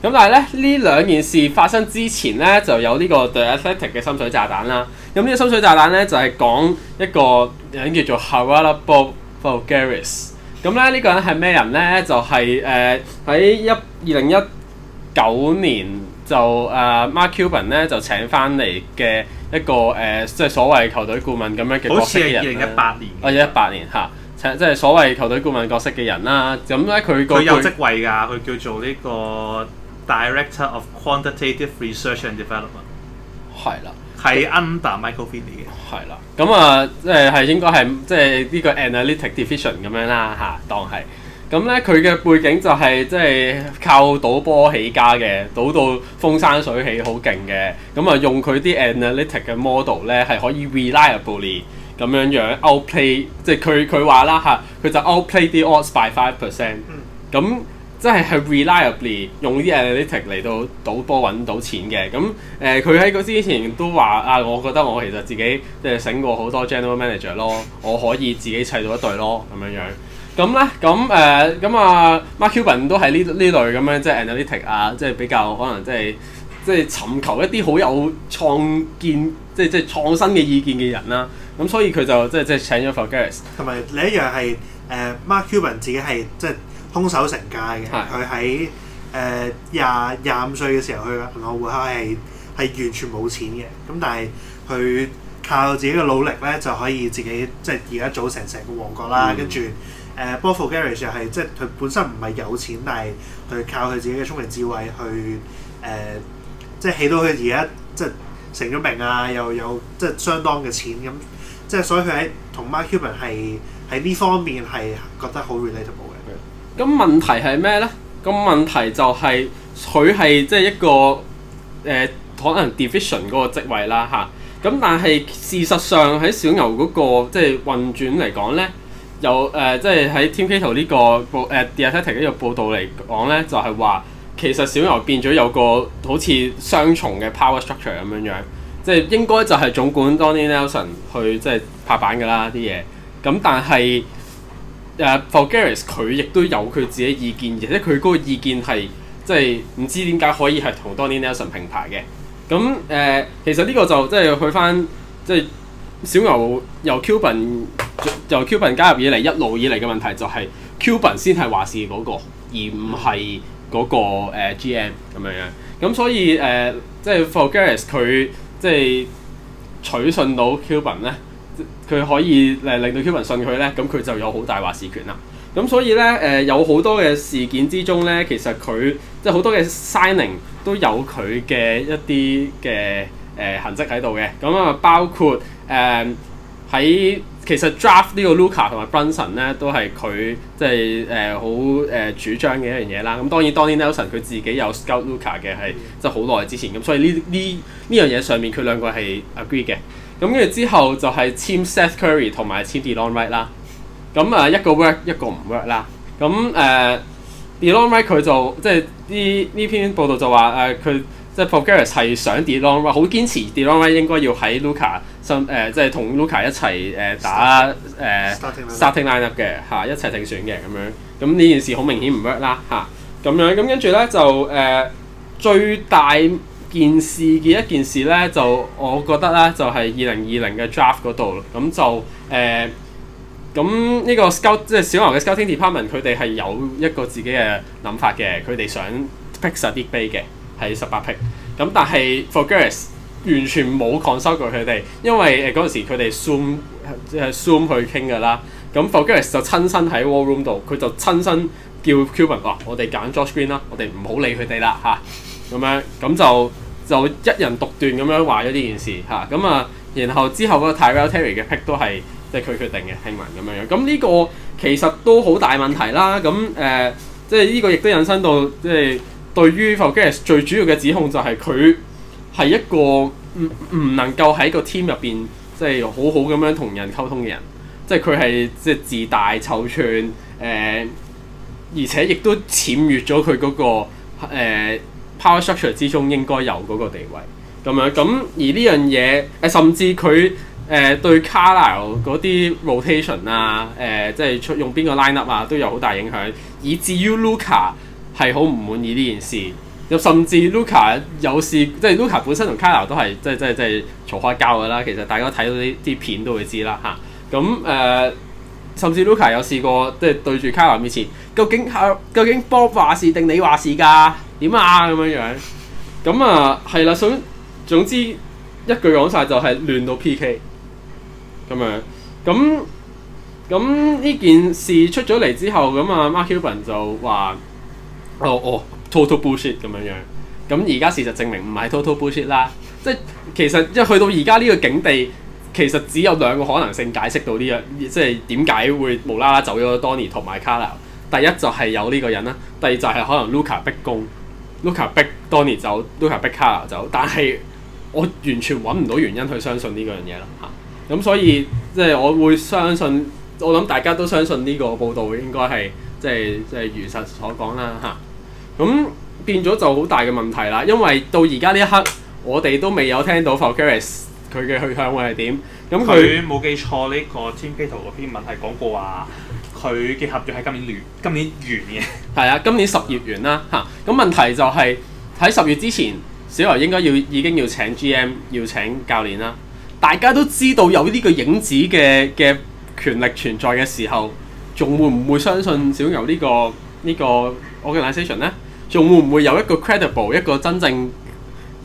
S2: 咁但係咧呢兩件事發生之前咧，就有呢個 The Athletic 嘅深水炸彈啦。咁、嗯、呢、這個深水炸彈咧就係、是、講一個人叫做 Haralabos Bob Voulgaris。咁咧、嗯這個、呢個咧係咩人咧？就係誒喺一二零一九年就誒、呃、Mark Cuban 咧就請翻嚟嘅。一個誒、呃，即係所謂球隊顧問咁樣嘅角色嘅人啦。哦，二零一八年嚇、啊，即係所謂球隊顧問角色嘅人啦。咁、嗯、咧，佢個有職位㗎，佢叫做呢個 Director of Quantitative Research and Development。係啦，係 under Michael Finley 嘅。係啦，咁、嗯、啊，即係係應該係即係呢、這個 Analytic Division 咁樣啦吓、啊，當係。咁咧，佢嘅、嗯、背景就係即係靠賭波起家嘅，賭到風生水起好勁嘅。咁、嗯、啊，用佢啲 analytics 嘅 model 咧，係可以 reliably 咁樣樣 outplay，即係佢佢話啦嚇，佢就 outplay the odds by five percent。咁即係、嗯、係、嗯、reliably 用啲 analytics 嚟到賭波揾到錢嘅。咁、嗯、誒，佢喺個之前都話啊，我覺得我其實自己即係醒過好多 general manager 咯，我可以自己砌到一隊咯，咁樣樣。咁咧，咁誒，咁、呃、啊，Mark Cuban 都係呢呢類咁樣，即係 analytic 啊，即係比較可能、就是、即係即係尋求一啲好有創建，即係即係創新嘅意見嘅人啦、啊。咁所以佢就即係即係請咗 For Garris。同埋另一樣係誒、呃、Mark Cuban 自己係
S3: 即係空手成家嘅。佢喺誒廿廿五歲嘅時候，佢銀行戶口係係完全冇錢嘅。咁但係佢靠自己嘅努力咧，就可以自己即係而家組成成個王國啦，嗯、跟住。誒 Bob Voulgaris 係即係佢本身唔係有錢，但係佢靠佢自己嘅聰明智慧去誒、呃，即係起到佢而家即係成咗名啊，又有即係相當嘅錢咁、嗯，即係所以佢喺同 Mark Cuban 係喺呢方面係覺得好 relatable 嘅。
S2: 咁問題係咩咧？咁問題就係佢係即係一個誒、呃、可能 division 嗰個職位啦，嚇、啊。咁但係事實上喺小牛嗰、那個即係、就是、運轉嚟講咧。有誒、呃，即係喺 Tim Cato 呢、這個呃、個報誒 The Athletic 呢個報導嚟講咧，就係、是、話其實小牛變咗有個好似雙重嘅 power structure 咁樣樣，即係應該就係總管 Donnie Nelson 去，去即係拍板噶啦啲嘢，咁但係誒、呃、Voulgaris 佢亦都有佢自己意見，而且佢嗰個意見係即係唔知點解可以係同 Donnie Nelson 平排嘅，咁誒、呃、其實呢個就即係去翻即係。小牛由 Cuban 由 Cuban 加入以嚟一路以嚟嘅問題就係 Cuban 先係話事嗰個，而唔係嗰個 GM 咁樣。咁、嗯、所以誒、呃，即係 Forgeres 佢即係取信到 Cuban 咧，佢可以誒令，令到 Cuban 信佢咧，咁佢就有好大話事權啦。咁所以咧誒、呃，有好多嘅事件之中咧，其實佢即係好多嘅 Signing 都有佢嘅一啲嘅誒痕跡喺度嘅。咁啊包括。誒喺、嗯、其實 draft 個呢個 Luka 同埋 Brunson 咧都係佢即係誒好誒主張嘅一樣嘢啦。咁當然 Donny Nelson 佢自己有 scout Luka 嘅係即係好、就、耐、是、之前咁、嗯，所以呢呢呢樣嘢上面佢兩個係 agree 嘅。咁跟住之後就係簽 Seth Curry 同埋簽 DeLon Wright 啦。咁、嗯、啊、呃、一個 work 一個唔 work 啦。咁、嗯、誒、呃、DeLon Wright 佢就即係呢呢篇報道就話誒佢。呃即係 Voulgaris 係想 Delon 好堅持 Delon 應該要喺 Luka 身即係同 Luka 一齊誒、呃、Start, 打誒、呃、starting line up 嘅嚇、啊，一齊定選嘅咁樣。咁呢件事好明顯唔 work 啦嚇。咁、啊、樣咁跟住咧就誒、呃、最大件事嘅一件事咧，就我覺得咧就係二零二零嘅 draft 嗰度咁就誒。咁、呃、呢個 scout 即係小牛嘅 scouting department，佢哋係有一個自己嘅諗法嘅，佢哋想 pick 實啲杯嘅。係十八 pick，咁但係 Forgeries 完全冇 console 佢哋，因為誒嗰陣時佢哋 zoom 誒 zoom 去傾㗎啦。咁 Forgeries 就親身喺 war room 度，佢就親身叫 Cuban 話：我哋揀 Josh Green 啦，我哋唔好理佢哋啦吓，咁、啊、樣咁就就一人獨斷咁樣話咗呢件事吓，咁啊，然後之後嗰個、啊、Tyrell Terry 嘅 pick 都係即係佢決定嘅，慶幸咁樣。咁呢個其實都好大問題啦。咁誒，即係呢個亦都引申到即係。就是對於 Voulgaris 最主要嘅指控就係佢係一個唔唔、嗯、能夠喺個 team 入邊即係好好咁樣同人溝通嘅人，即係佢係即係自大、臭串誒，而且亦都僭越咗佢嗰個、呃、power structure 之中應該有嗰個地位咁樣。咁而呢樣嘢誒、呃，甚至佢誒、呃、對 Carlisle 嗰啲 rotation 啊，誒、呃、即係出用邊個 lineup 啊，都有好大影響，以至於 Luka。係好唔滿意呢件事，又甚至 Luca 有試，即係 Luca 本身同 Carlisle 都係即係即係即係嘈開交㗎啦。其實大家睇到呢啲片都會知啦嚇。咁、啊、誒、呃，甚至 Luca 有試過，即係對住 Carlisle 面前，究竟究竟 Bob 話事定你話事㗎？點啊咁樣樣咁啊係啦。想總之一句講晒就係亂到 P K 咁樣，咁咁呢件事出咗嚟之後，咁啊 Mark Cuban 就話。哦哦，total bullshit 咁樣樣，咁而家事實證明唔係 total bullshit 啦，即係其實一去到而家呢個境地，其實只有兩個可能性解釋到呢樣，即係點解會無啦啦走咗 Donnie 同埋 Carla。第一就係有呢個人啦，第二就係可能 Luka 逼供。Luka 逼 Donnie 走，Luka 逼 Carla 走。但係我完全揾唔到原因去相信呢個樣嘢啦，嚇。咁所以即係我會相信，我諗大家都相信呢個報導應該係即係即係如實所講啦，嚇。咁變咗就好大嘅問題啦，因為到而家呢一刻，我哋都未有聽到 Foucault 佢嘅去向會係點。咁佢冇記錯呢、這個 Tim K 圖嘅篇文係講過話，佢嘅合約喺今年年今年完嘅。係 啊，今年十月完啦嚇。咁、啊、問題就係、是、喺十月之前，小牛應該要已經要請 GM 要請教練啦。大家都知道有呢個影子嘅嘅權力存在嘅時候，仲會唔會相信小牛呢、這個呢、這個 organisation 呢？仲會唔會有一個 credible、一個真正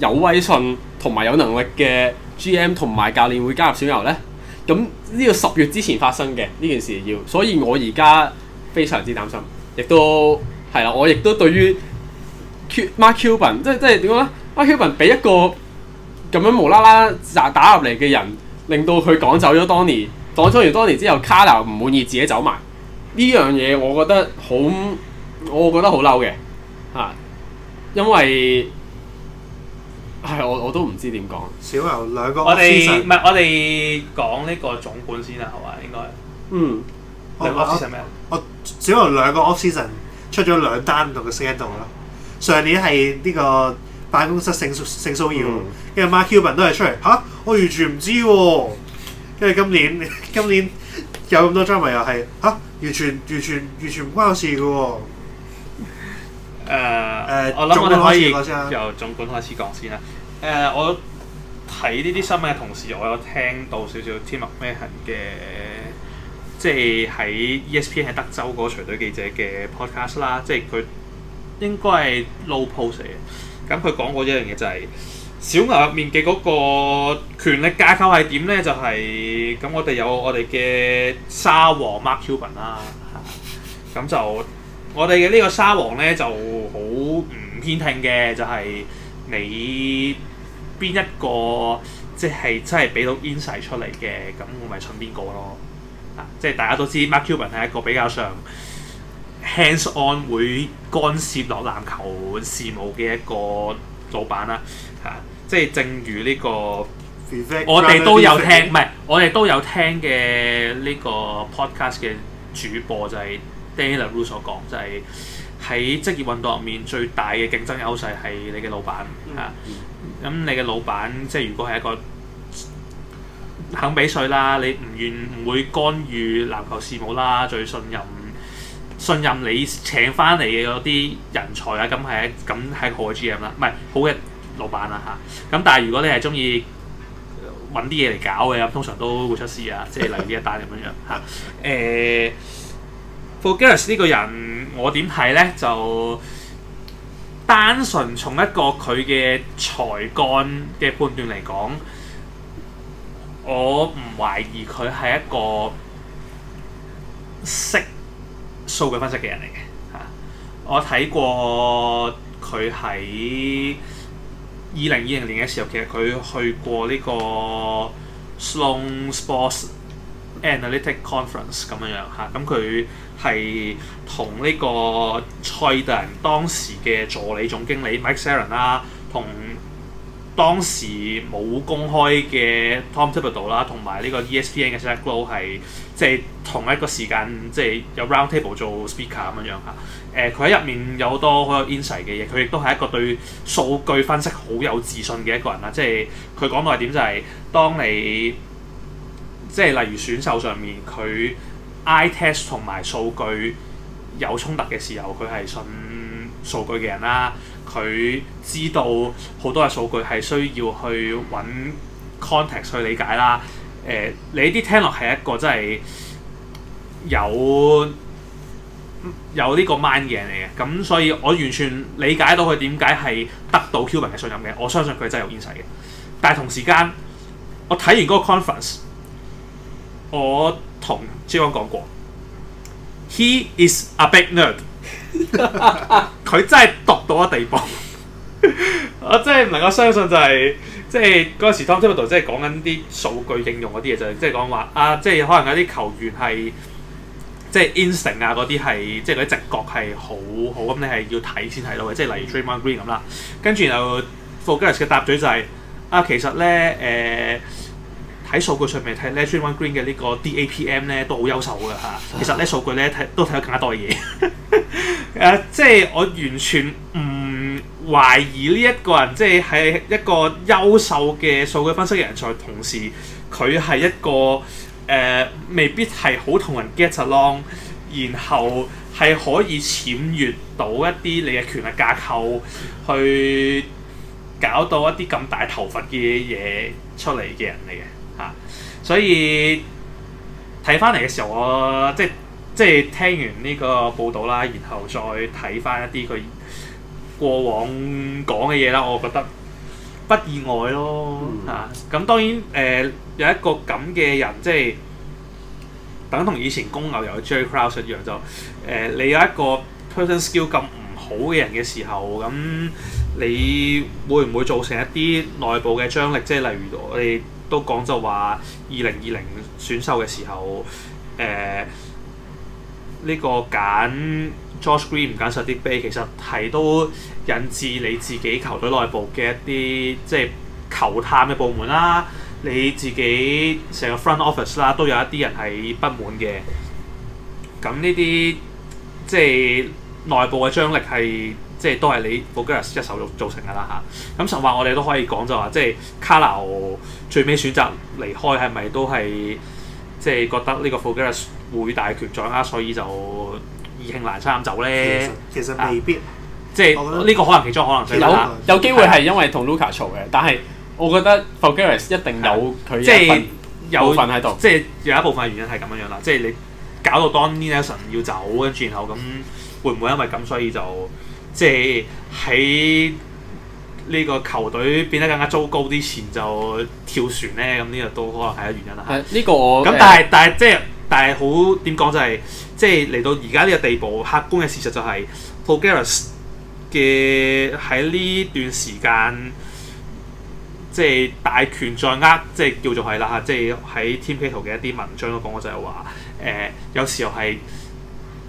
S2: 有威信同埋有能力嘅 GM 同埋教練會加入小牛呢？咁呢個十月之前發生嘅呢件事要，所以我而家非常之擔心，亦都係啦、啊。我亦都對於缺 Mark Cuban，即係即係點講呢 Mark Cuban 俾一個咁樣無啦啦打打入嚟嘅人，令到佢趕走咗 Donny，n 趕走完 Donny 之後，Carlisle 唔滿意自己走埋呢樣嘢，我覺得好，我覺得好嬲嘅。啊，因為係我我都唔知點講。小牛兩個 off season，我哋
S1: 唔係我哋講呢個總管先啦，係嘛應該？
S3: 嗯，
S1: 兩個 off season 咩？我，我
S3: 小牛兩個 off season 出咗兩單唔同嘅 scenario 咯。上年係呢個辦公室性騷性騷擾，跟住、嗯、Mark Cuban 都係出嚟嚇、啊，我完全唔知喎、啊。跟住今年，今年有咁多 drama 又係嚇，完全完全完全唔關我事嘅喎。
S1: 誒誒，我諗我哋可以由總管開始講先啦、啊。誒，uh, 我睇呢啲新聞嘅同時，我有聽到少少，少 Tim McMahon 嘅，即係喺 ESPN 喺德州嗰個隨隊記者嘅 podcast 啦。即係佢應該係 low post 嚟嘅。咁佢講過一樣嘢就係、是、小牛入面嘅嗰個權力架構係點咧？就係、是、咁，我哋有我哋嘅沙皇 Mark Cuban 啦、啊，嚇咁就。啊啊啊啊啊啊我哋嘅呢個沙皇咧就好唔偏聽嘅，就係、就是、你邊一個即係、就是、真係俾到 insight 出嚟嘅，咁我咪信邊個咯？啊、即係大家都知 Mark Cuban 係一個比較上 hands on 會干涉落籃球事務嘅一個老闆啦。嚇、啊，即係正如呢、呢個 iz ek, 我哋都有聽，唔係 iz 我哋都有聽嘅呢個 podcast 嘅主播就係、是。Daniel Wu 所講就係喺職業運動入面最大嘅競爭優勢係你嘅老闆嚇，咁你嘅老闆即係如果係一個肯俾稅啦，你唔願唔會干預籃球事務啦，最信任信任你請翻嚟嘅嗰啲人才啊，咁係咁係好嘅 GM 啦，唔係好嘅老闆啦嚇。咁但係如果你係中意揾啲嘢嚟搞嘅，咁通常都會出事啊，即係例如呢一單咁樣樣嚇，誒。 Voulgaris 呢個人，我點睇呢？就單純從一個佢嘅才幹嘅判斷嚟講，我唔懷疑佢係一個識數據分析嘅人嚟嘅嚇。我睇過佢喺二零二零年嘅時候，其實佢去過呢個 Sloan Sports Analytics Conference 咁樣樣嚇，咁佢。係同呢個賽特人當時嘅助理總經理 Mike Searon 啦，同當時冇公開嘅 Tom Thibodeau 啦，同埋呢個 ESPN 嘅 Zach Lowe 係即係同一個時間，即係有 Round Table 做 Speaker 咁樣樣嚇。誒、呃，佢喺入面有好多好有 insight 嘅嘢，佢亦都係一個對數據分析好有自信嘅一個人啦。即係佢講到係點就係，當你即係例如選秀上面佢，eye test 同埋數據有衝突嘅時候，佢係信數據嘅人啦。佢知道好多嘅數據係需要去揾 context 去理解啦。誒、呃，你呢啲聽落係一個真係有有呢個 mind 嘅人嚟嘅。咁所以我完全理解到佢點解係得到 Cuban 嘅信任嘅。我相信佢真係有 insight 嘅。但係同時間，我睇完嗰個 conference，我同朱光講過，He is a big nerd，佢 真係讀到一地步， 我真係唔能夠相信就係、是，即係嗰陣時 Tom Thibodeau 即係講緊啲數據應用嗰啲嘢就係、是，即係講話啊，即、就、係、是、可能有啲球員係即係、就是、instinct 啊嗰啲係，即係嗰啲直覺係好好咁，你係要睇先睇到嘅，即、就、係、是、例如 Draymond Green 咁啦，跟住又 Four Guys 嘅答嘴就係、是、啊，其實咧誒。呃喺數據上面睇咧 g r e e One Green 嘅呢個 DAPM 咧都好優秀㗎嚇。其實咧數據咧睇都睇更加多嘢。誒、 呃，即係我完全唔懷疑呢一個人，即係係一個優秀嘅數據分析嘅人才，同時佢係一個誒、呃、未必係好同人 get along，然後係可以僭越到一啲你嘅權力架構，去搞到一啲咁大頭髮嘅嘢出嚟嘅人嚟嘅。啊，所以睇翻嚟嘅時候，我即即係聽完呢個報道啦，然後再睇翻一啲佢過往講嘅嘢啦，我覺得不意外咯。嚇、mm. 啊，咁當然誒、呃、有一個咁嘅人，即係等同以前公牛有 Jay Crow 一樣，就誒、呃、你有一個 person skill 咁唔好嘅人嘅時候，咁你會唔會造成一啲內部嘅張力？即係例如我哋。都講就話二零二零選秀嘅時候，誒、呃、呢、這個揀 Josh Green 唔揀 Saddiq Bey，其實係都引致你自己球隊內部嘅一啲即係球探嘅部門啦，你自己成個 front office 啦，都有一啲人係不滿嘅。咁呢啲即係內部嘅張力係。即係都係你 Voulgaris 一手造成噶啦吓，咁實話我哋都可以講就話，即係 Carlisle 最尾選擇離開係咪都係即係覺得呢個 Voulgaris 會大權掌握啊，所以就意興闌珊走
S2: 咧。其實未必，即係呢個可能其中可能最有機會係因為同 Luka 吵嘅，但係我覺得 Voulgaris 一定有佢即係有份喺度。即係
S1: 有一部分原因係咁樣樣啦。即係你搞到 Donnie Nelson 要走，跟住然後咁，會唔會因為咁所以就？即係喺呢個球隊變得更加糟糕之前就跳船咧，咁、這、呢個都可能係一原因啦。係呢個，咁但係、呃、但係即係但係好點講就係、是、即係嚟到而家呢個地步，客觀嘅事實就係 Voulgaris 嘅喺呢段時間即係大權在握，即係叫做係啦。即係喺 Tim Cato 嘅一啲文章都講過，就係話誒，有時候係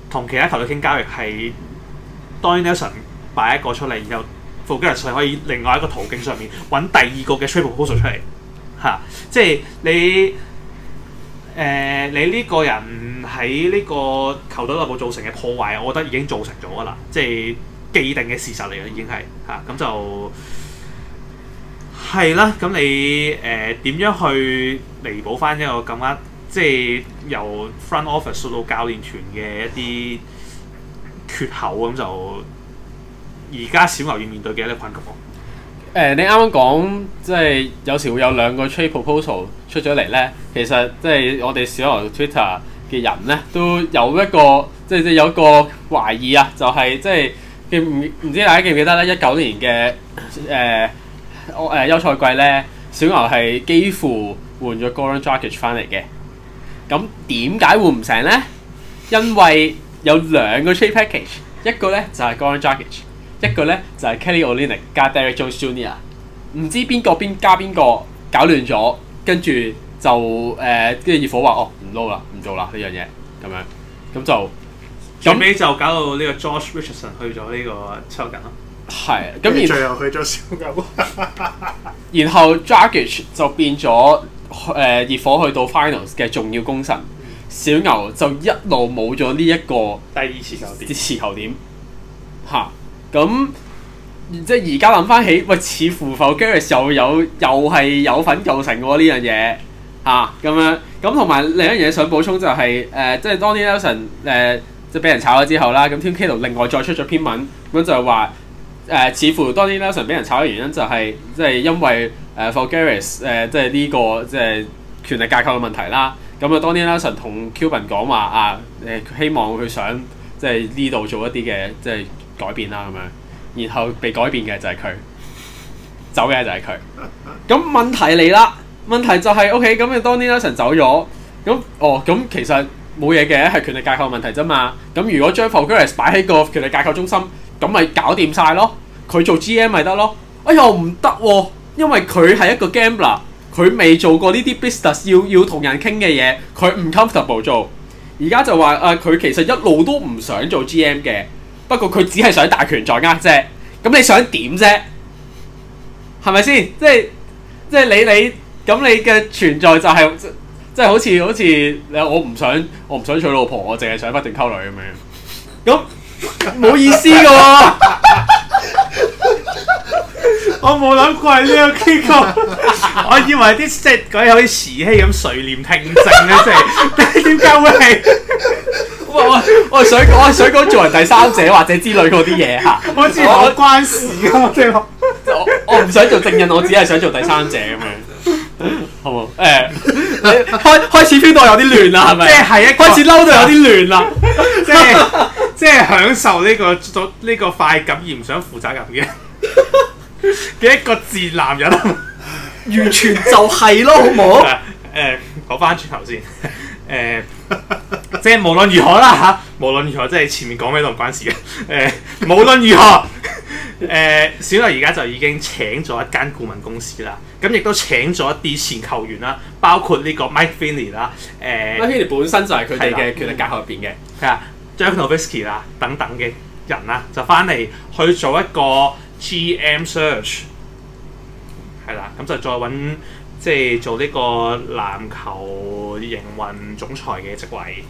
S1: 同其他球隊傾交易係。Donnie Nelson 擺一個出嚟，然後 Voulgaris 可以另外一個途徑上面揾第二個嘅 trade proposal 出嚟，嚇、啊，即係你誒、呃、你呢個人喺呢個球隊內部造成嘅破壞，我覺得已經造成咗噶啦，即係既定嘅事實嚟嘅，已經係嚇，咁、啊、就係啦。咁你誒點、呃、樣去彌補翻一個咁樣？即係由 front office 到，到教練團嘅一啲
S2: 缺口。咁就而家小牛要面對幾多啲困局？誒、呃，你啱啱講即係有時會有兩個 trade proposal 出咗嚟咧，其實即係我哋小牛 Twitter 嘅人咧都有一個即係即係有一個懷疑啊，就係、是、即係記唔唔知大家記唔記得咧？一九年嘅誒誒休賽季咧，小牛係幾乎換咗 Goran Dragic 翻嚟嘅，咁點解換唔成咧？因為有兩個 trade package，一個咧就係、是、Goran Dragic，一個咧就係、是、Kelly Olynyk 加 Derek Jones Jr。唔知邊個邊加邊個搞亂咗，跟住就誒，跟、呃、住熱火話哦，唔撈啦，唔做啦呢樣嘢，咁樣咁就咁尾就搞到呢個 Josh Richardson 去咗呢個 Sixers 咯。係，咁然最後去咗小牛。然後 Dragic 就變咗誒、呃、熱火去到 finals 嘅重要功臣。小牛就一路冇咗呢一個第二次球點啲球點嚇，咁，啊，即係而家諗翻起，喂，似乎 Voulgaris 又有又係有份構成喎呢，啊、樣嘢嚇。咁樣咁同埋另一樣嘢想補充就係，是、誒，即係當年 Nelson 誒即係俾人炒咗之後啦，咁 Tim Cato 另外再出咗篇文咁就係話誒，似乎當年 Nelson 俾人炒嘅原因就係即係因為誒 Voulgaris 誒即係呢個即係，就是這個就是，權力架構嘅問題啦。啊咁啊 Donnie Nelson 同 Cuban 講話啊，誒希望佢想即係呢度做一啲嘅即係改變啦咁樣，然後被改變嘅就係佢，走嘅就係佢。咁問題嚟啦，問題就係 OK，咁啊 Donnie Nelson 走咗，咁哦咁其實冇嘢嘅，係權力架構問題啫嘛。咁如果將 Voulgaris 擺喺個權力架構中心，咁咪搞掂晒咯，佢做 GM 咪得咯。哎呀，唔得喎，因為佢係一個 gambler。佢未做過呢啲 business，要要同人傾嘅嘢，佢唔 comfortable 做。而家就話啊，佢、呃、其實一路都唔想做 GM 嘅，不過佢只係想大權在握啫。咁你想點啫？係咪先？即係即係你你咁你嘅存在就係、是、即係好似好似你我唔想我唔想娶老婆，我淨係想不斷溝女咁樣，咁冇意思噶
S1: 喎、
S2: 啊。 我冇諗
S1: 過係呢、這個結局，我以為啲 set 鬼好似慈禧咁垂簾聽政
S2: 咧， 即係。點解會係？ 我我我係想我係想講做人第三者或者之類嗰啲嘢吓，好似好關事咁，即係我唔我想做證人，我只係想做第三者咁 樣，好唔好？誒、欸，開你 開始片段有啲亂啦，係咪？誒係啊，開始嬲到有啲亂啦，即係即係享
S1: 受呢、這個呢、這個快感而唔想負責任嘅。 嘅一個賤男人，
S2: 完全就係咯，好冇？誒，
S1: 講翻轉頭先，誒、uh,，即係無論如何啦吓，uh, 無論如何，即係前面講咩都唔關事嘅。誒、uh,，無論如何，誒、uh,，小牛而家就已經請咗一間顧問公司啦，咁亦都請咗一啲前球員啦，包括呢個 Mike Finley 啦，誒，Mike Finley 本身就係佢哋嘅權力架構入邊嘅，係 Dirk Nowitzki 啦等等嘅人啦，就翻嚟去做一個。G.M. Search 係啦，咁就再揾，即係做呢個籃球營運總裁嘅職位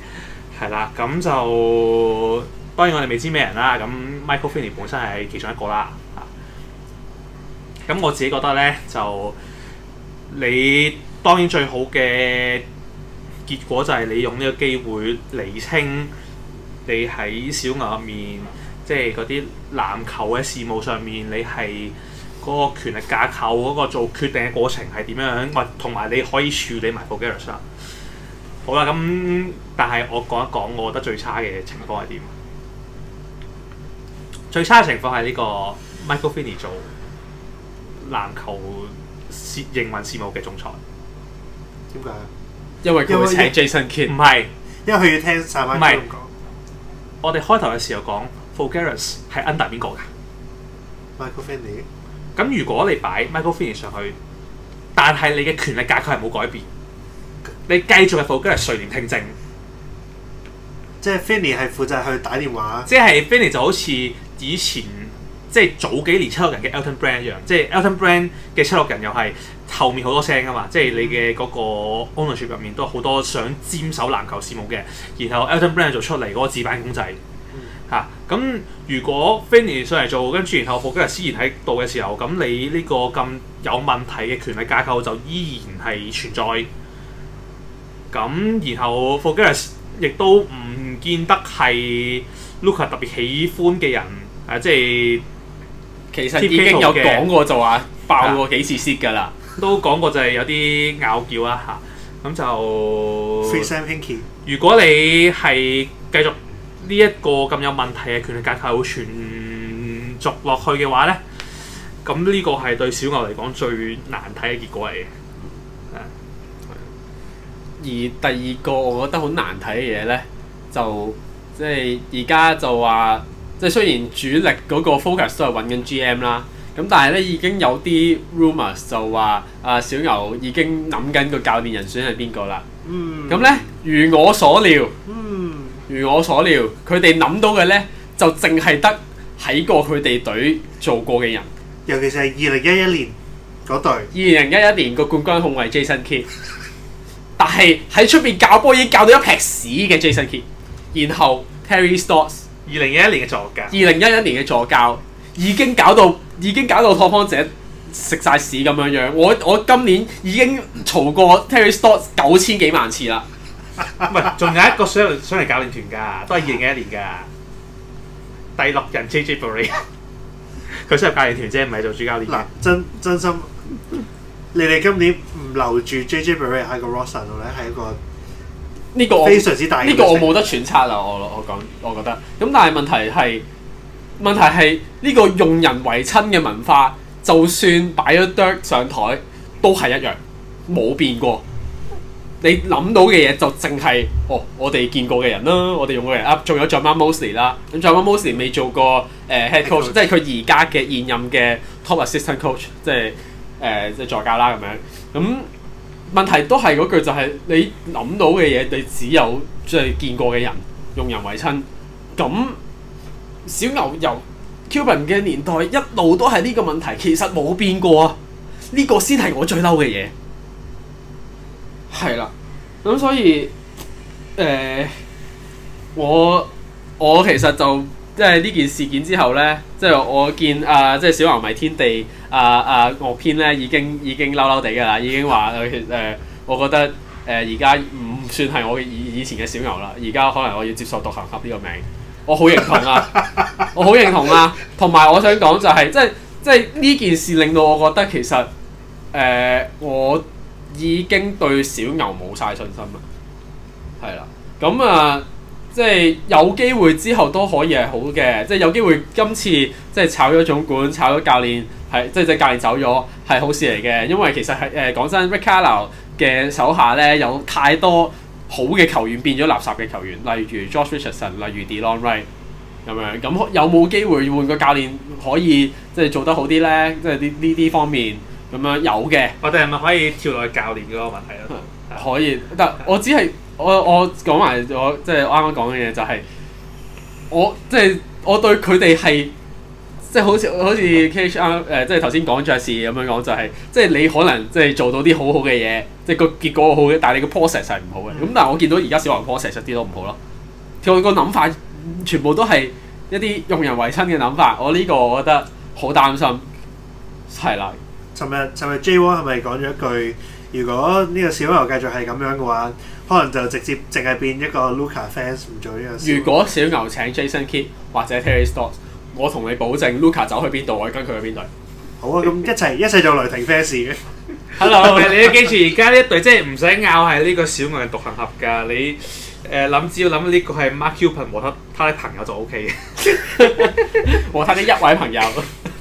S1: 係啦，咁就當然我哋未知咩人啦。咁 Michael Finley 本身係其中一個啦，嚇。咁我自己覺得呢，就你當然最好嘅結果就係你用呢個機會釐清你喺小牛入面。即係嗰啲籃球嘅事務上面，你係嗰個權力架構嗰個做決定嘅過程係點樣樣？或同埋你可以處理埋 Voulgaris？好啦，咁但係我講一講，我覺得最差嘅情況係點？最差嘅情況係呢個 Michael Finney 做籃球事營運事務嘅仲裁。點解？因為佢請 Jason Kidd。唔係，因為佢 Kidd 唔係要聽裁判講。我哋開頭嘅時候講。Voulgaris 係 under 邊個㗎？Michael Finley。咁如果你擺 Michael Finley 上去，但係你嘅權力架構係冇改變，你繼續嘅 Voulgaris 係垂簾聽政。即係 Finley 係負責去打電話。即係 Finley 就好似以前即係早幾年七六人嘅 Elton Brand 一樣，即係 Elton Brand 嘅七六人又係後面好多聲啊嘛，即係你嘅嗰個 ownership 入面都好多想沾手籃球事務嘅，然後 Elton Brand 做出嚟嗰個紙板公仔。吓，咁、啊、如果 Finnie 上嚟做，跟住然後霍基爾依然喺度嘅時候，咁、嗯、你呢個咁有問題嘅權力架構就依然係存在。咁、啊、然後霍基爾亦都唔見得係 Luka 特別喜歡嘅人，誒、啊、即係其實已經有講過就話爆過幾次 shit 噶啦，都講過就係有啲拗撬啦吓，咁、啊啊啊嗯、就。 如果你係繼續。呢一個咁有問題嘅權力架構會傳續落去嘅話呢，咁、這、呢個係對小牛嚟
S2: 講最難睇嘅結果嚟嘅。而第二個我覺得好難睇嘅嘢呢，就即係而家就話，即係雖然主力嗰個 focus 都係揾緊 GM 啦，咁但係呢已經有啲 rumors 就話啊小牛已經諗緊個教練人選係邊個啦。嗯，咁咧如我所料。嗯如我所料，佢哋諗到嘅呢，就淨係得喺過佢哋隊做過嘅人。尤其是係二零一一年嗰隊，二零一一年個冠軍控衛 Jason Kidd 但係喺出邊搞波已經教到一劈屎嘅 Jason Kidd 然後 Terry Stotts，二零一一年嘅助教，二零一一年嘅助教已經搞到已經搞到拓荒者食晒屎咁樣樣。我我今年已經嘈過 Terry Stotts 九千幾萬次啦。唔係，仲 有一個想嚟想嚟教練團噶，都係二零一一年噶。
S1: 第六人 J.J. Barea 佢想入教練團啫，唔係做主教練。嗱，真真心，
S3: 你哋今年唔留住 J.J. Barea 喺個 Roster 度咧，係一個呢個非常之大呢個，個我冇、這
S2: 個、得揣測啦，我我講，我覺得。咁、嗯、但係問題係，問題係呢、這個用人唯親嘅文化，就算擺咗 Dirk 上台，都係一樣，冇變過。你諗到嘅嘢就淨係哦，我哋見過嘅人啦，我哋用嘅人啊，仲有 Jamahl Mosley 啦，咁 Jamahl Mosley 未做過誒、呃、head coach， 即係佢而家嘅現任嘅 top assistant coach，即係誒即係助教啦咁樣。咁問題都係嗰句、就是，就係你諗到嘅嘢，你只有即係見過嘅人用人為親。咁小牛由 Cuban 嘅年代一路都係呢個問題，其實冇變過啊！呢、呢個先係我最嬲嘅嘢。係啦，咁所以誒、呃，我我其實就即係呢件事件之後咧，即係我見啊、呃，即係小牛迷天地啊啊惡編咧已經已經嬲嬲地㗎啦，已經話誒、呃、我覺得誒而家唔算係我以以前嘅小牛啦，而家可能我要接受獨行俠呢個名，我好認同啊， 我好認同啊，同埋我想講就係、是、即係即係呢件事令到我覺得其實誒、呃、我已經對小牛冇晒信心啦，係啦，咁啊，即係有機會之後都可以係好嘅，即係有機會今次即係炒咗總管、炒咗教練，係即係即係教練走咗係好事嚟嘅，因為其實係誒講真 Rick Carlisle 嘅手下咧有太多好嘅球員變咗垃圾嘅球員，例如 Josh Richardson、例如 Delon Wright 咁樣，咁有冇機會換個教練可以即係做得好啲咧？即係呢呢呢啲方面。咁樣有嘅，我哋係咪可以跳落去教練嗰個問題咯？ 可以，但我只係我我講埋我即係啱啱講嘅嘢、就係呃，就係我即係我對佢哋係即係好似好似 K R 誒，即係頭先講爵士咁樣講，就係即係你可能即係做到啲好好嘅嘢，即係個結果好嘅，但係你個 process 係唔好嘅。咁但係我見到而家小牛 process，一啲都唔好咯。佢、嗰個諗法全部都係一啲用人為親嘅諗法，我呢個我覺得好擔心。係啦。尋
S3: 日尋日，JWong 係咪講咗一句？如果呢個小牛繼續係咁樣嘅話，可能
S2: 就直接淨係變一個 Luka fans 唔做呢樣事。如果小牛請 Jason Kidd 或者 Terry Stotts，我同你保證，Luka 走去邊度，我跟佢去邊度。好啊，咁一齊一齊做雷
S1: 霆
S3: fans 嘅。Hello，
S2: 你都記住，而家呢一隊即係唔使拗係呢個小牛嘅獨行
S1: 俠㗎。你誒諗、呃、只要諗呢個係 Mark Cuban 和他他的朋友就 OK， 和他的一位朋友。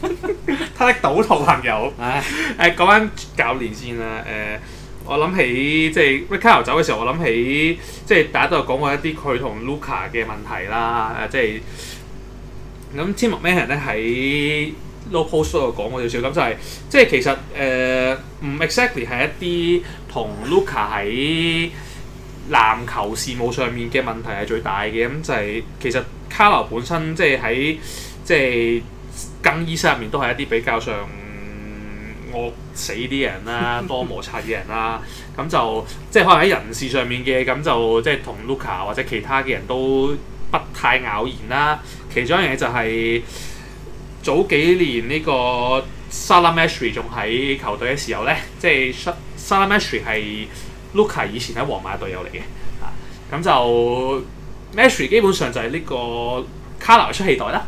S1: 他的賭徒朋友。誒、啊啊，講返教練先啦。誒、呃，我諗起即係 Caro 走嘅時候，我諗起即係大家都講過一啲佢同 Luka 嘅問題啦。誒、啊，即係咁 Tim McMahon 咧喺 Low Post 度講過少少，咁就係、是、即係其實誒唔、呃、exactly 係一啲同 Luka 喺籃球事務上面嘅問題係最大嘅。咁就係、是、其實 Caro 本身即係喺即係，更衣室入面都係一啲比較上惡死啲人啦、啊，多摩擦嘅人啦、啊，咁就即係可能喺人事上面嘅，咁就即係同 Luca 或者其他嘅人都不太咬弦啦。其中一樣嘢就係、是、早幾年呢個 Salah Mejri 仲喺球隊嘅時候咧，即係 Salah Mejri 係 Luca 以前喺皇馬嘅隊友嚟嘅，啊，咁就 Mejri 基本上就係呢個卡拉出氣袋啦。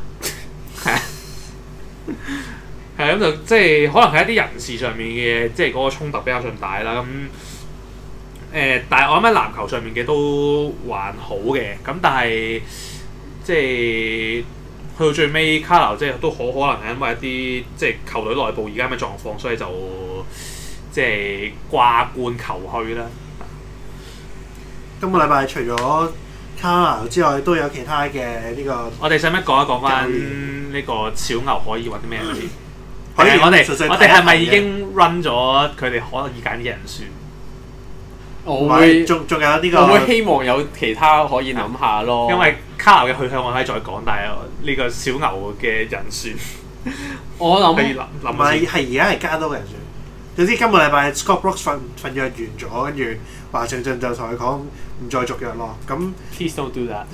S1: 係咁、 嗯、就即、是、係可能係一啲人事上面嘅，即係嗰個衝突比較重大啦。咁、嗯、誒、呃，但係我諗喺籃球上面嘅都還好嘅。咁但係即係去到最尾，卡勞即係都好可能係因為一啲即係球隊內部而家嘅狀況，所以就即係掛冠求去啦。
S3: 今個禮拜除咗卡勞之外，都有其他嘅呢、這個。
S1: 我哋使唔使講一講翻呢個小牛可以揾啲咩嘢？
S3: 可以，我哋我哋係咪已經
S1: run 咗佢哋可以揀嘅人選？我會仲仲有呢個，我會希望有其他可以諗下咯。因為卡納嘅去向我可以再講，但係呢個小牛嘅人選，我諗唔係係而家係加多嘅人選。
S3: 總之今個禮拜 Scott Brooks 份份約完咗，跟住華盛頓就同佢講唔再續約咯。咁 Please don't do that。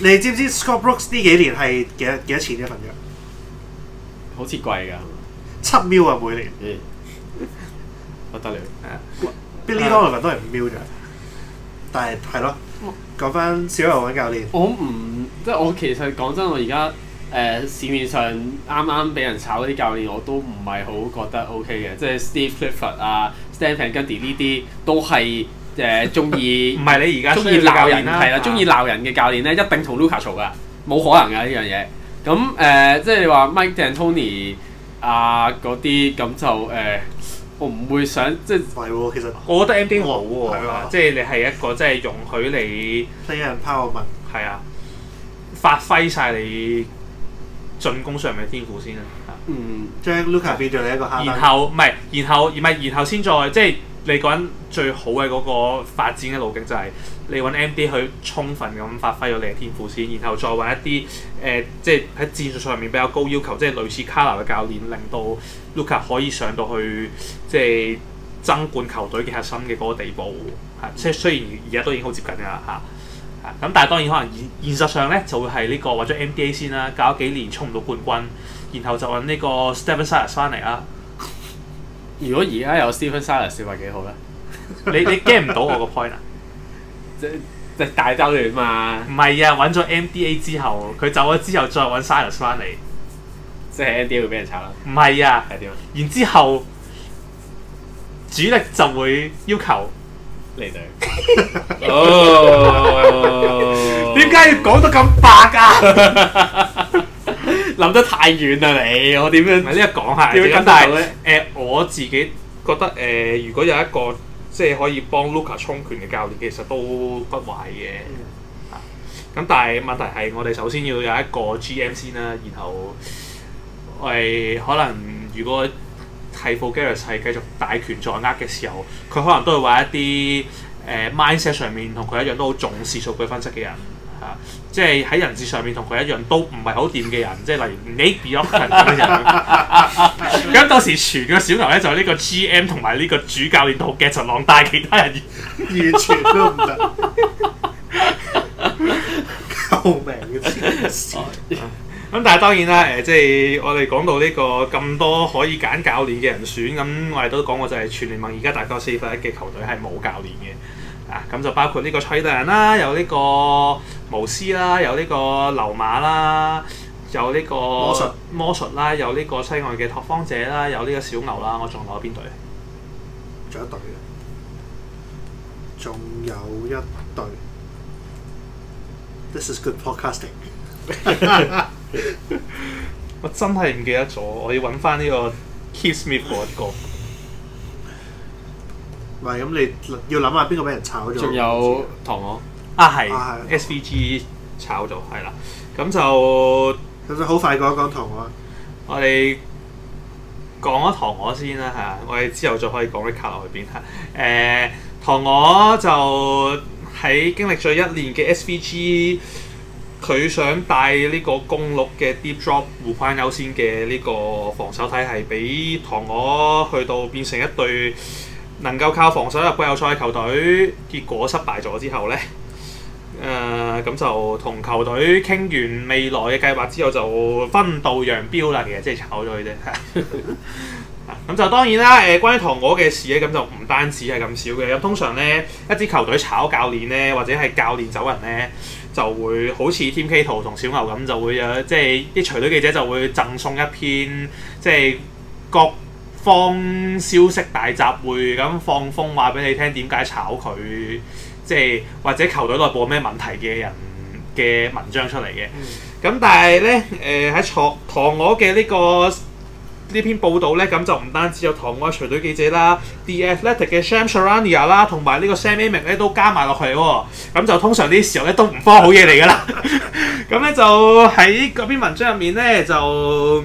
S3: 你知唔知 Scott Brooks 呢幾年係幾多幾多錢一份約？好似貴㗎。七秒啊！每年，嗯， 不得了 Billy 啊 Billy Donovan 都係五秒咋，但係係咯，
S2: 講翻小牛揾教練，我唔即係我其實講真，我而家誒市面上啱啱俾人炒嗰啲教練，我都唔係好覺得 OK 嘅，即係 Steve Clifford 啊、Stan Van Gundy 呢啲都係誒中意唔係你而家中意鬧人係啦，中意鬧人嘅教練咧，一定同 Luka 嘈噶，冇可能噶呢樣嘢。咁誒，即係你話 Mike D'Antoni。呃呃就是啊！嗰啲咁就誒、呃，我唔會想即係。唔係喎，其實我覺得 M D M 好喎、啊哦，即係你係一個即
S1: 係容許你。私人 powerman。係啊，發揮晒你進攻上面嘅天賦先啊！嗯，
S3: 嗯
S1: 將 Luca 變做你一個然。然後唔係，然後唔係，然後先再即係你講緊最好嘅嗰個發展嘅路徑就係、是。你揾 M D 去充分咁發揮咗你嘅天賦先，然後再揾一啲誒、呃，即係喺戰術上面比較高要求，即係類似卡納嘅教練，令到 Luka 可以上到去即係爭冠球隊嘅核心嘅嗰個地步，即雖雖然而家都已經好接近噶啦嚇，咁，但係當然可能現現實上咧就會係呢、這個或者 M D A 先啦，搞幾年衝唔到冠軍，然後就揾呢個 Steven Silas 翻嚟啦。如果而家有 Steven Silas，算係幾好咧？ 你你 get 唔到我個 point 啊？即係大周轉嘛？唔係啊！揾咗 MDA 之後，佢走咗之後，再揾 Silas 翻嚟，即係 MDA 會俾人炒咯。唔係啊？係點啊？然之後主力就會要求你哋。哦，點解要講得咁白啊？諗
S2: 得太遠啦！你我點樣？喺呢度講下點解？誒，我
S1: 自己覺得誒，如果有一個。即係可以幫 Luka 充權嘅教練其實都不壞嘅，咁，但係問題係我哋首先要有一個 GM 先啦、啊，然後我、呃、可能如果係 Voulgaris 係繼續大權在握嘅時候，佢可能都會揾一啲誒、呃、mindset 上面同佢一樣都好重視數據分析嘅人嚇。啊。即係喺人事上面同佢一樣，都唔係好掂嘅人。即係例如 Nate Bjorkgren 咁嘅人。咁當 時全個小牛咧就係、是、呢個 GM 同埋呢個主教練同嘅 a t 浪，但係其他人完全都唔得。救命！嘅咁 但係當然啦，誒、呃，即係我哋講到呢、這個咁多可以揀教練嘅人選，咁我哋都講過就係全聯盟而家大概四分一嘅球隊係冇教練嘅。啊，咁就包括呢個吹笛人啦，有呢個巫師啦，有呢個流馬啦，有呢個魔術魔術啦，有呢個西岸嘅拓荒者啦，有呢個小牛啦，我仲留邊隊？仲有一隊，
S3: 仲有一
S1: 隊。This is good podcasting。 我真係唔記得咗，我要揾翻呢個 Kiss Me p o d
S3: 唔係，咁、嗯、你要諗
S1: 下邊個俾人炒咗？仲有塘鵝啊，係 S V G 炒咗，係啦。咁就咁就好快講講塘鵝。我哋講咗塘鵝先啦，吓，我哋之後再可以講啲卡落去邊。誒，塘鵝就喺經歷咗一年嘅 S V G，佢想帶呢個公鹿嘅 deep drop 護翻優先嘅呢個防守體系，俾塘鵝去到變成一對。能夠靠防守入季後賽嘅球隊，結果失敗咗之後呢，誒、呃、咁就同球隊傾完未來嘅計劃之後，就分道揚鑣啦。其實即係炒咗佢啫。咁 就當然啦。誒，關於塘鵝嘅事咧，咁就唔單止係咁少嘅。咁通常呢，一支球隊炒教練呢，或者係教練走人呢，就會好似天 K 圖同小牛咁，就會有即係啲隨隊記者就會贈送一篇即係各。放消息大集會咁，放風話俾你聽點解炒佢，即係或者球隊內部有咩問題嘅人嘅文章出嚟嘅。咁、嗯、但係咧，誒喺塘鵝嘅呢、呢個呢篇報道咧，咁就唔單止有塘鵝隨隊記者啦，《The Athletic》嘅 Shams Charania 啦，同埋呢個 Sam Amick 咧都加埋落去喎。咁就通常啲時候咧都唔慌好嘢嚟㗎啦。咁 咧就喺嗰篇文章入面咧就。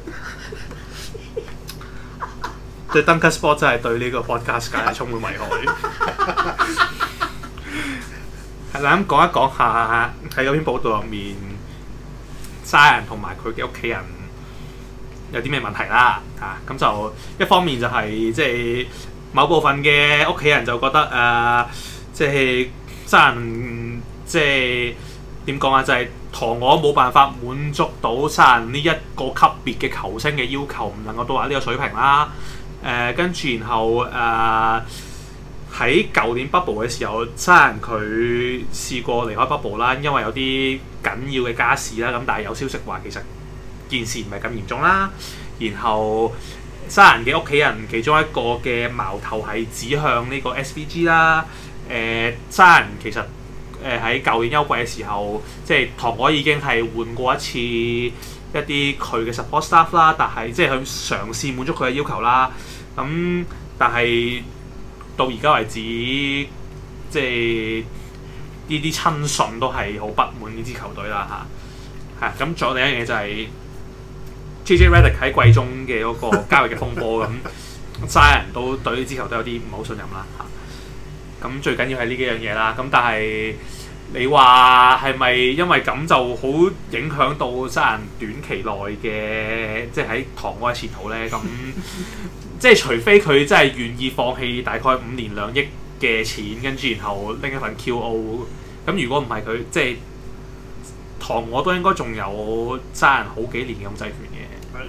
S1: 即 d u n k e s p o r t 真係對呢個 Podcast 界係 充滿危害。係 啦、 嗯，咁講一講一下喺嗰篇報導入面，沙人同埋佢嘅屋企人有啲咩問題啦？嚇、啊、咁就一方面就係、是、即係某部分嘅屋企人就覺得誒、呃，即係沙人即係點講啊？就係、是、陀我冇辦法滿足到沙人呢一個級別嘅球星嘅要求，唔能夠到達呢個水平啦。誒、呃、跟住然後誒喺舊年 bubble 嘅時候，沙人佢試過離開 bubble 啦，因為有啲緊要嘅家事啦。咁但係有消息話其實件事唔係咁嚴重啦。然後沙人嘅屋企人其中一個嘅矛頭係指向呢個 S V G 啦、呃。誒沙人其實誒喺舊年休季嘅時候，即係唐凱已經係換過一次。一啲佢嘅 support staff 啦，但係即係去嘗試滿足佢嘅要求啦。咁、嗯、但係到而家為止，即係呢啲親信都係好不滿呢支球隊啦吓，嚇咁仲有另一樣嘢就係、是、JJ Redick d 喺季中嘅嗰個交易嘅風波，咁曬人都對呢支球隊都有啲唔好信任啦嚇。咁、啊啊啊、最緊要係呢幾樣嘢啦。咁、啊、但係。你話係咪因為咁就好影響到渣人短期內嘅即係喺塘鵝嘅前途咧？咁即係除非佢真係願意放棄大概五年兩億嘅錢，跟住然後拎一份 QO，咁如果唔係佢即係塘鵝都應該仲有渣人好幾年嘅控制權嘅。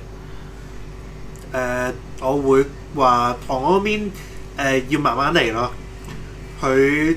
S3: 係、呃、我會話塘鵝邊、呃、要慢慢嚟咯，佢。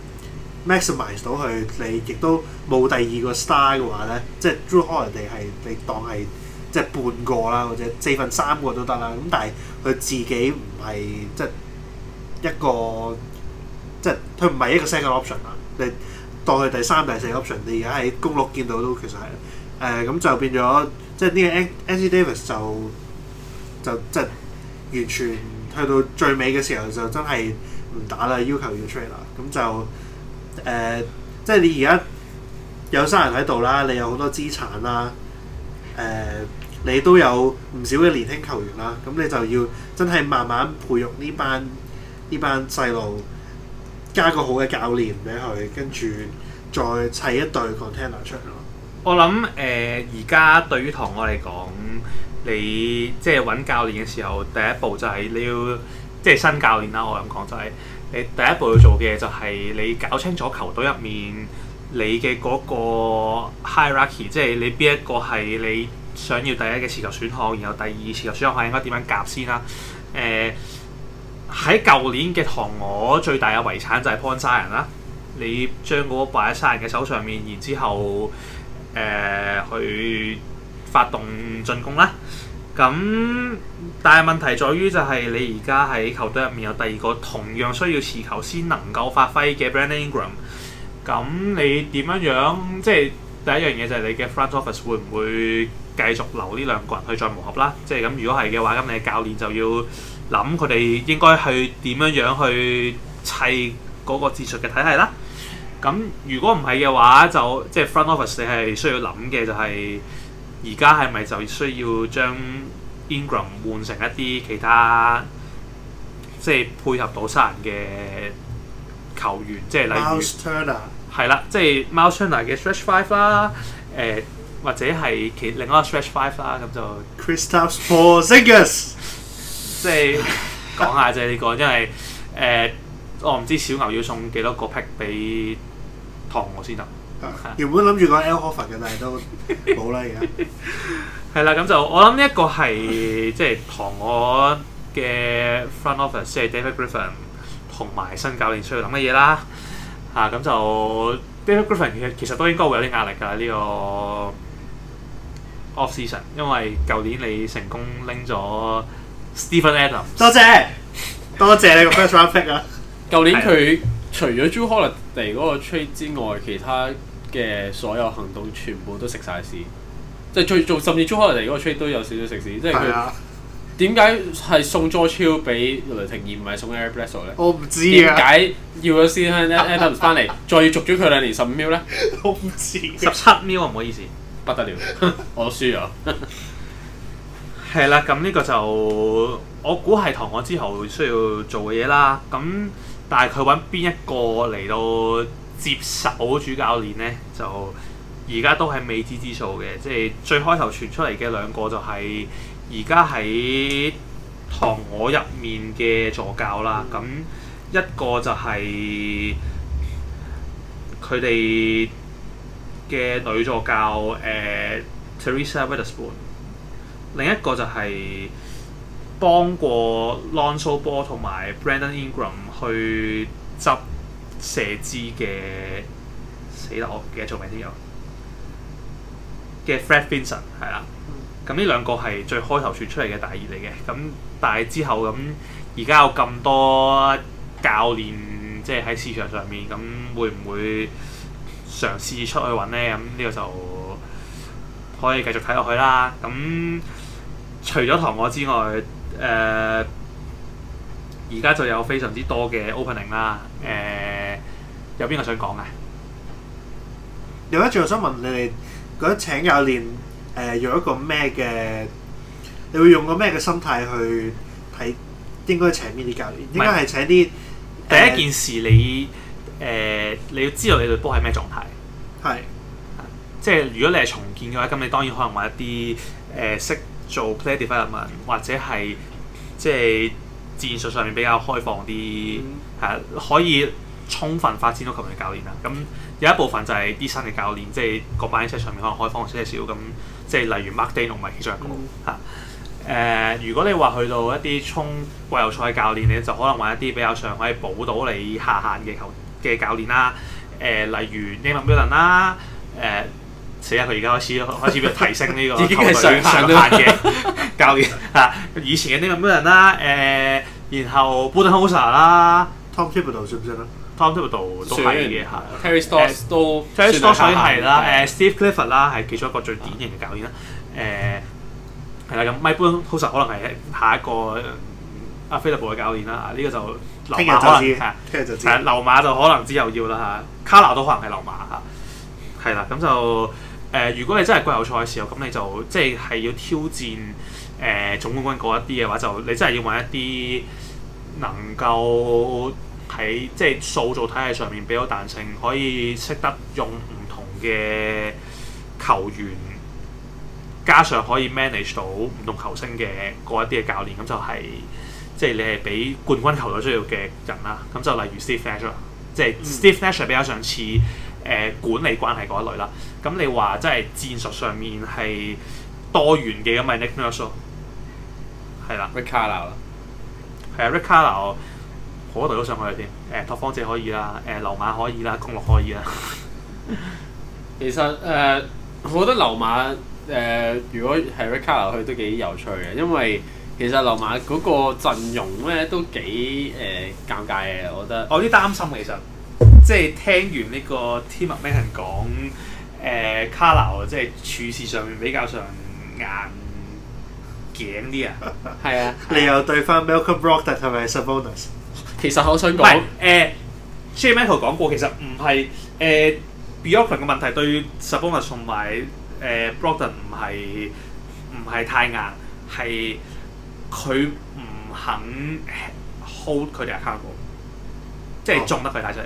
S3: maximise 到佢，你亦都冇第二個 star 嘅話咧，即係 Jrue 可能你係你當係即係半個啦，或者四分三個都得啦。咁但係佢自己唔係即係一個即係佢唔係一個 second option 啦。你當佢第三、第四個 option，你而家喺公鹿見到都其實係誒，咁就變咗，即係呢個 N. N. C. Davis 就就，就即係完全去到最尾嘅時候就真係唔打啦，要求要 trade 啦，咁就。誒、呃，即係你而家有三人喺度啦，你有好多資產啦，誒、呃，你都有唔少嘅年輕球員啦，咁你就要真係慢慢培育呢班呢班細路，加個好嘅教練俾佢，跟住再砌一隊 contender 出嚟咯。
S1: 我諗誒，而、呃、家對於塘鵝嚟講，你即係揾教練嘅時候，第一步就係你要即係新教練啦。我咁講就係、是。你第一步要做嘅就係你搞清楚球隊入面你嘅嗰個 hierarchy，即係你邊一個係你想要第一嘅持球選項，然後第二持球選項應該點樣夾先啦、啊。誒、呃，喺舊年嘅唐我最大嘅遺產就係 pass o n 三人啦。你將嗰個 pass 三人嘅手上面，然之後誒、呃、去發動進攻啦。咁，但係問題在於就係你而家喺球隊入面有第二個同樣需要持球先能夠發揮嘅 Brandon Ingram，咁你點樣樣？即係第一樣嘢就係你嘅 front office 會唔會繼續留呢兩個人去再磨合啦？即係咁，如果係嘅話，咁你嘅教練就要諗佢哋應該去點樣樣去砌嗰個技術嘅體系啦。咁如果唔係嘅話，就即係 front office 你係需要諗嘅就係、是。而家係咪就需要將 Ingram 換成一啲其他即係、就是、配合到殺人嘅球員即係、就是、例如係啦即係 Myles Turner 嘅、就是、stretch turn、er、five 啦，誒、呃、或者係其另外一個 stretch five 啦，咁就 Kristaps Porzingis 即係講、 就是、下即係呢個因為，誒、呃、我唔知小牛要送幾多個 pick 俾唐我先得
S3: 原本諗住講 Al Horford 嘅，但係都冇啦，而
S1: 家係啦。咁就我諗呢一個係即係塘鵝嘅 front office，即係 David Griffin 同埋新教練需要諗乜嘢啦。嚇，咁就 David Griffin 其實其實都應該會有啲壓力㗎。呢個 off season，
S2: 因為舊年你成功拎咗 Steven Adams，多謝多謝你個 first round pick 啊。舊年佢除咗 Jrue Holiday 嗰個 trade 之外，其他嘅所有行動全部都食晒屎，即係最做甚至朱克嚟嗰個 trade 都有少少食屎，的即係佢點解係送咗 George Hill 俾雷霆而唔係送 Eric Bledsoe 咧？我唔知啊！點解要咗先咧？Adams 返嚟再續咗佢兩年十五秒咧？我唔知十七秒啊，唔好意思，不得了， 我輸咗
S1: 了。係 啦，咁呢個就我估係唐我之後需要做嘅嘢啦。咁但係佢搵邊一個嚟到接手主教練呢，就而家都係未知之數嘅。即係最開頭傳出嚟嘅兩個就係而家喺塘鵝入面嘅助教啦。咁一個就係佢哋嘅女助教誒、呃、Teresa Weatherspoon，另一個就係幫過 Lonzo Ball 同埋 Brandon Ingram 去執。射資嘅死啦！我記得做名先有嘅 Fred Vinson 係啦，咁呢兩個係最開頭傳出嚟嘅大熱嚟嘅，咁但係之後咁而家有咁多教練即係喺市場上面，咁會唔會嘗試出去揾呢？咁呢個就可以繼續睇落去啦。咁除咗塘鵝之外，誒而家就有非常之多嘅 opening 啦，誒、呃。有邊個想講啊？
S3: 有一句我想問你哋，覺得請教練，誒、呃、用一個咩嘅？你會用個咩嘅心態去睇？應該請邊啲教
S1: 練？應該係請啲？是呃、
S3: 第一件
S1: 事，你誒、呃、你要知道你隊波係咩狀態。係是、啊，即係如果你係重建嘅話，咁你當然可能揾一啲誒識做 play development 或者係即係戰術上面比較開放啲，係、嗯啊、可以。充分發展到球員嘅教練啦。咁有一部分就係啲新嘅教練，即係個班車上面可能開放少少。咁即係例如 Mark Daigneault 唔係其中一個嚇。誒，如果你話去到一啲衝季後賽嘅教練，你就可能揾一啲比較上可以補到你下限嘅球嘅教練啦。誒、啊啊，例如 Nate McMillan 啦。誒、啊啊，死啦！佢而家開始開始要提升呢個球 已經係上限嘅 教練嚇、啊。以前嘅 Nate McMillan 啦。誒，然後 Budenholzer 啦，Tom Thibodeau 算唔算啊？三級度都係嘅，係然。Terry Stotts 都算係啦。誒，Steve Clifford 啦，係其中一個最典型嘅教練啦。誒、呃，係啦。咁 m i c h a o o s a h 可能係下一個阿 p h i l i p 嘅教練啦。呢、這個就劉馬啦，係。聽日就知，係。的就劉馬就可能只有要啦。Carlisle 都可能係劉馬嚇。係、啊、啦，咁就誒、呃，如果你真係季後賽嘅時候，咁你就即係係要挑戰誒、呃、總冠軍嗰一啲嘅話，就你真係要揾一啲能夠。喺即係塑造體系上面俾到彈性，可以識得用唔同嘅球員，加上可以 manage 到唔同球星嘅嗰一啲嘅教練，咁就係、是、即係你係俾冠軍球隊需要嘅人啦。咁就例如 Steve Nash 啦，即係 Steve Nash 比較上似誒、呃、管理關係嗰一類啦。咁你話即係戰術上面係多元嘅咁咪 Nick Nurse 係啦，Rick Carlisle 啦，係啊，Rick Carlisle。Rick Carlo. 好多隊都上去添，誒拓荒者可以啦，誒流馬可以啦，公鹿可以啦。
S2: 其實誒，我覺得流馬誒，如果係 Carlisle 去都幾有趣嘅，因為其實流馬嗰個陣容咧都幾誒尷尬嘅。我覺得我有啲擔心其實，即係聽完呢個 Tim
S1: MacMahon 講誒 Carlisle，即係處事上面比較上硬頸啲啊。係
S3: 啊，你又對翻 Malcolm Brogdon 係咪 Sabonis
S1: 其實我想講，唔係誒，J. Michael 講過，其實唔係誒，Bjorkgren 嘅問題對 Sabonis 同埋誒 Brogdon 唔係唔係太硬，係佢唔肯 hold 佢哋 accountable 即係縱得佢哋出嚟。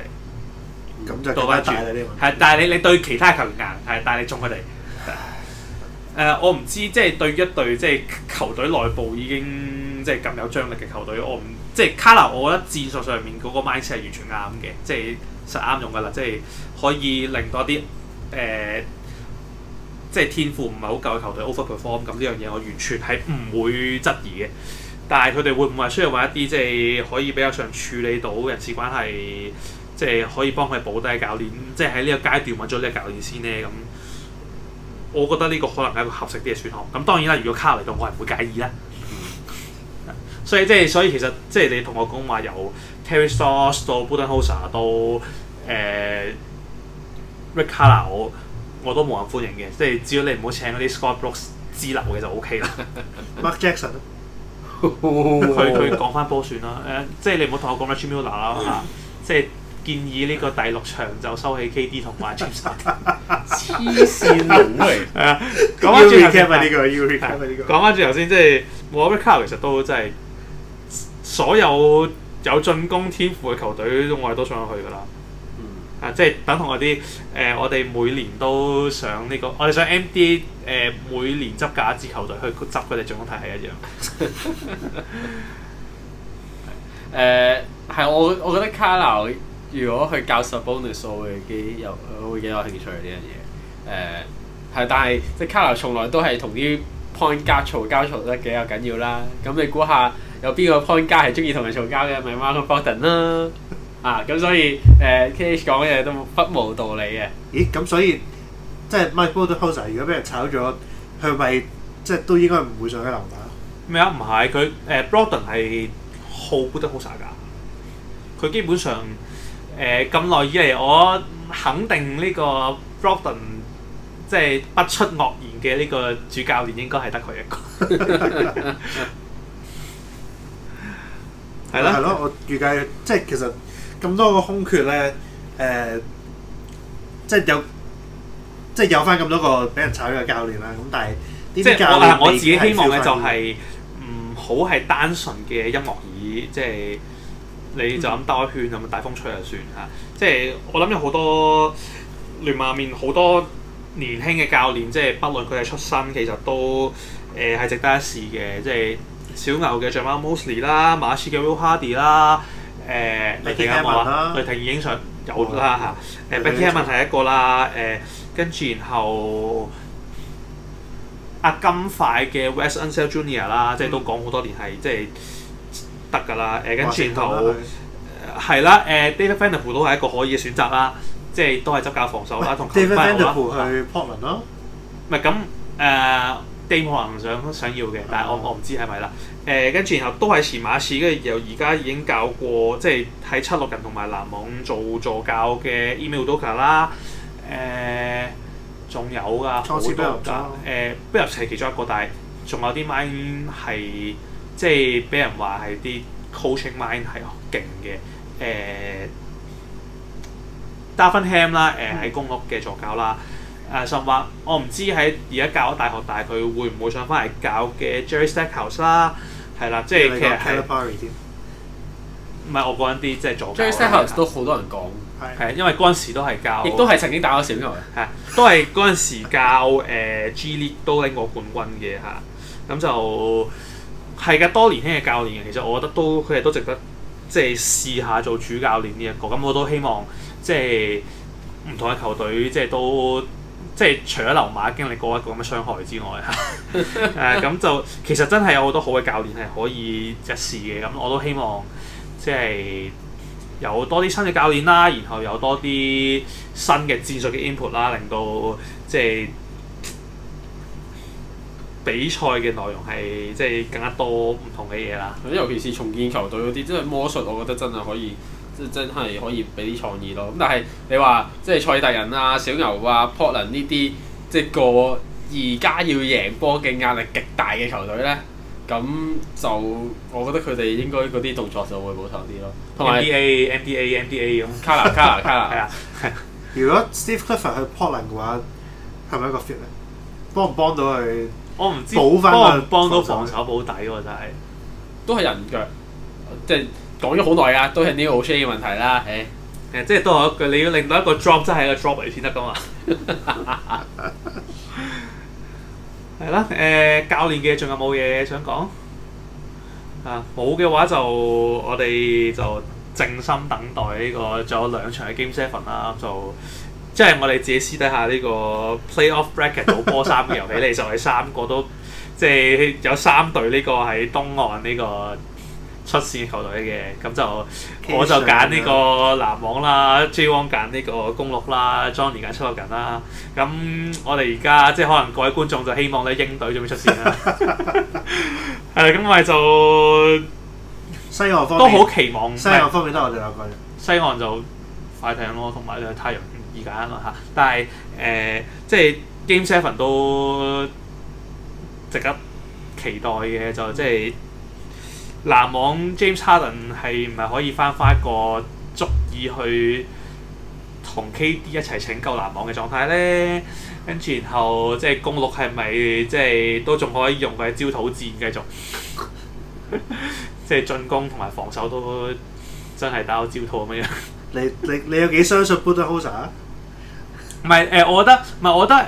S1: 咁、啊、着就倒翻轉。係，但係你你對其他球員硬，係，但係你縱佢哋。誒唉，uh, 我唔知，即、就、係、是、對一隊即係球隊內部已經即係咁有張力嘅球隊，我唔。即係卡勞，color, 我覺得戰術上面嗰、那個 Mikes 係完全啱嘅，即係實啱用噶啦，即係可以令到啲誒、呃，即係天賦唔係好夠嘅球隊 overperform，咁呢樣嘢我完全係唔會質疑嘅。但係佢哋會唔會需要揾一啲即係可以比較上處理到人事關係，即係可以幫佢補低教練，即係喺呢個階段揾咗呢個教練先呢？咁我覺得呢個可能係一個合適啲嘅選項。咁當然啦，如果卡勞嚟到，我係唔會介意啦。所以即係，所以其實即係你同我講話由 Terry Stotts 到 Budenholzer 到誒 Rick Carlisle，我我都無人歡迎嘅。即係只要你唔好請嗰啲 Scott Brooks 之流嘅就 OK 啦。Mark
S3: Jackson，佢佢講
S1: 翻波算啦。誒，即係你唔好同我講 Reggie Miller 啦。即係建議呢個第六場就收起 KD 同埋 Jackson。黐線佬喂！係啊，講翻最 head 嘅呢個，講翻最頭先即係冇 Rick Carlisle 其實都真係。所有有進攻天賦嘅球隊，我哋都想去㗎喇。嗯、啊，即係等同我啲誒，我哋每年都上呢、呢個，我哋想 M D 誒、呃、每年執㗎一支球
S2: 隊去執佢哋進攻體系一樣。誒係、 uh, 我我覺得 Carla 如果去教 sub bonus 我會幾有我會幾有興趣呢樣嘢，誒係，但係即 Carla 從來都係同啲 point 交嘈交嘈得比較緊要啦。咁你估下？有邊個 point guard 係中意同人嘈交嘅？咪 Rondo 啦啊！咁所以誒、呃、 ，K H 講嘅嘢都不無道理嘅。
S3: 咦？咁所以即係 Michael Porter 如果俾人炒咗，佢咪即係
S1: 都應該唔會上喺籃板咩啊？唔係，佢誒 Brodin 係好 good 的 pusher 噶。佢基本上誒咁耐以嚟，我肯定呢個 Brodin 即係不出惡言嘅呢個主教練，應該係得佢一個。 係咯，係咯，了
S3: 我預計即係其實咁多個空缺咧，誒、呃，即係有，即係有翻咁多個俾人炒咗嘅教練啦。咁但係，即係教練，我我自己希望咧就係
S1: 唔好係單純嘅音樂椅，嗯、即係你就咁兜一圈咁大風吹就算嚇。即係我諗有好多聯盟入面好多年輕嘅教練，即係不論佢係出身，其實都誒係、呃、值得一試嘅，即係。小牛嘅 Jamahl Mosley 啦，馬刺嘅 Will Hardy 啦，誒，Big Question 雷霆已經上有啦嚇，誒 Big Question 係一個啦，誒跟住然後阿金塊嘅 Wes Unseld Junior 啦，即係都講好多年係即係得㗎啦，誒跟住然後係啦，誒 David Vanterpool 都係一個可以嘅選擇啦，即係都係執教防守啦，同 David Vanterpool 去 Portland 咯，唔咁誒。t 可能想想要嘅，但係我我唔知係咪啦。誒、呃，跟住然後都係前馬刺，跟住又而家已經教過，即係喺七六人同埋籃網做助教嘅 Ime Udoka 啦。誒、呃，仲有噶好初次 多誒，不如係其中一個，但係仲有啲 mind 係，即係俾人話係啲 coaching mind 係勁嘅。誒 Darvin Ham 啦，誒、呃、喺、嗯、公鹿嘅助教啦。誒，甚至話我唔知喺而家教咗大學，但係佢會唔會上翻嚟教嘅 Jerry Stackhouse 啦，係啦，即係其實係。唔係我講啲即係做 Jerry Stackhouse 都好多人講，係的，因為嗰陣時都係教。亦都係曾經打過小球嘅，係，都係嗰陣時教誒、呃、G League 都拎過冠軍嘅嚇，咁就係嘅，多年輕嘅教練，其實我覺得都佢哋都值得即係試下做主教練呢、這、一個，咁我都希望即係唔同嘅球隊即係都。即係除咗流馬經歷過一個咁嘅傷害之外嚇，誒咁、 啊、就其實真係有好多好嘅教練係可以一試嘅。咁我都希望即係有多啲新嘅教練啦，然後有多啲新嘅戰術嘅 input 啦，令到即係比賽
S2: 嘅內容係即係更加多唔同嘅嘢啦。尤其是重建球隊嗰啲，即係魔術，我覺得真係可以。即真係可以俾啲創意咯，咁但係你話即係賽大人啊、小牛啊、Portland 呢啲，即係個而家要贏波嘅壓力極大嘅球隊咧，咁就我覺得佢哋應該嗰啲動作就會保守啲咯。同埋 NBA 有、NBA, NBA, NBA、NBA 咁。卡啦卡啦卡啦，
S3: 係啊！ 如果 Steve Clifford 去 Portland 嘅話，係咪一個 fit 咧？幫唔幫到佢？我唔知。幫、啊、唔
S2: 幫到防守保底喎、啊，真、就、係、是、都係人腳，即係。講咗好耐啊，都係呢 e w s h 嘅問題啦，誒誒、嗯，即係都係一句，你要令到一個 job 真係個 job 嚟先得噶嘛，
S1: 係啦，誒、 呃，教練嘅仲有冇嘢想講啊？冇嘅話就我哋就靜心等待呢、這個仲有兩場嘅 game seven 啦，就即係我哋自己私底下呢、這個， 個 playoff bracket 倒波三嘅遊戲俾你，就係、是、三個都即係、就是、有三隊呢、這個喺東岸呢、這個。出線球隊嘅，咁就，我就揀呢個籃網啦，JWong 揀呢個公鹿啦，Johnny 揀七六緊啦。咁我哋而家即係可能各位觀眾就希望咧，鷹隊準備出線啦。係啦，咁咪就西岸方都好期望。西岸方面得我哋兩個。西岸就快艇咯，同埋咧太陽易揀啦嚇。但係誒，即係 Game Seven 都值得期待嘅，就即係。籃網 James Harden 係唔係可以翻翻一個足以去同 KD 一齊拯救籃網嘅狀態咧？跟住然後即係公鹿係咪即係都仲可以用佢嘅焦土戰繼續？即係進攻同埋防守都真係打到焦土咁樣 你。
S3: 你你你有幾相信 Budenholzer
S1: 唔係誒，我覺得唔係我覺得誒，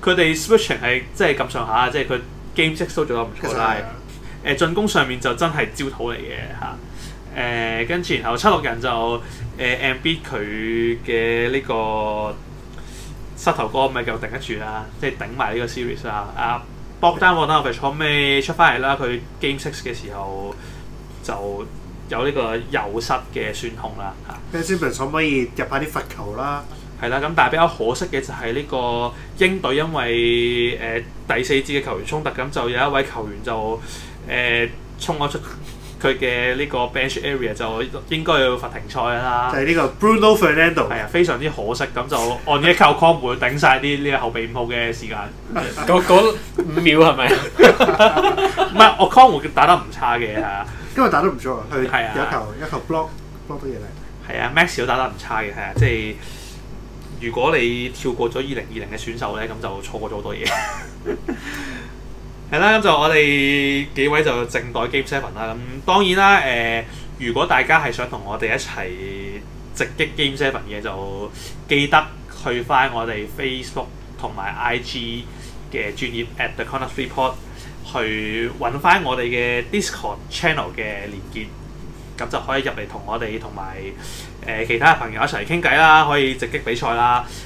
S1: 佢、呃、哋 Switching 係即係咁上下，即係佢 Game Six 都做得唔錯啦。誒進攻上面就真係焦土嚟嘅吓。誒跟住然後七六人就誒 M.B. 佢嘅呢個膝頭哥咪夠頂得住啦，即係頂埋呢個 series 啦。阿 Box 丹我覺得可唔可以出翻嚟啦？佢 game six 嘅時候就有呢個右膝嘅損控啦。Jameson 可唔可以入下啲罰球啦？係啦，咁但係比較可惜嘅就係呢個鷹隊，因為誒第四節嘅球員衝突，咁就有一位球員就。誒、呃、衝咗出佢嘅呢個 bench area 就應該要罰停賽啦。就係呢個 Bruno Fernando。係啊，非常之可惜。咁就 only 靠康湖頂晒啲呢後備五號嘅時間。嗰五 秒係咪？唔係， 我 c 康湖打得唔差嘅係啊。
S3: 今日打得唔錯啊，
S1: 佢有一球，一球 block block 得嘢嚟。係啊， 啊，Max 都打得唔差嘅係啊，即係如果你跳過咗二零二零嘅選手咧，咁就錯過咗好多嘢。 係啦，咁就我哋幾位就靜待 Game Seven 啦。咁當然啦，誒、呃，如果大家係想同我哋一齊直擊 Game Seven 嘅，就記得去翻我哋 Facebook 同埋 IG 嘅專頁 @thecorner3pod 去揾翻我哋嘅 Discord Channel 嘅連結，咁就可以入嚟同我哋同埋誒其他朋友一齊傾偈啦，可以直擊比賽啦。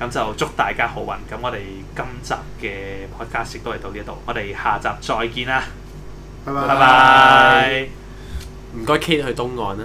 S1: 咁就祝大家好運。咁我哋今集嘅 Podcast 都係到呢度，我哋下集再見啦！拜拜拜拜，
S2: 唔該 K 去東岸啦。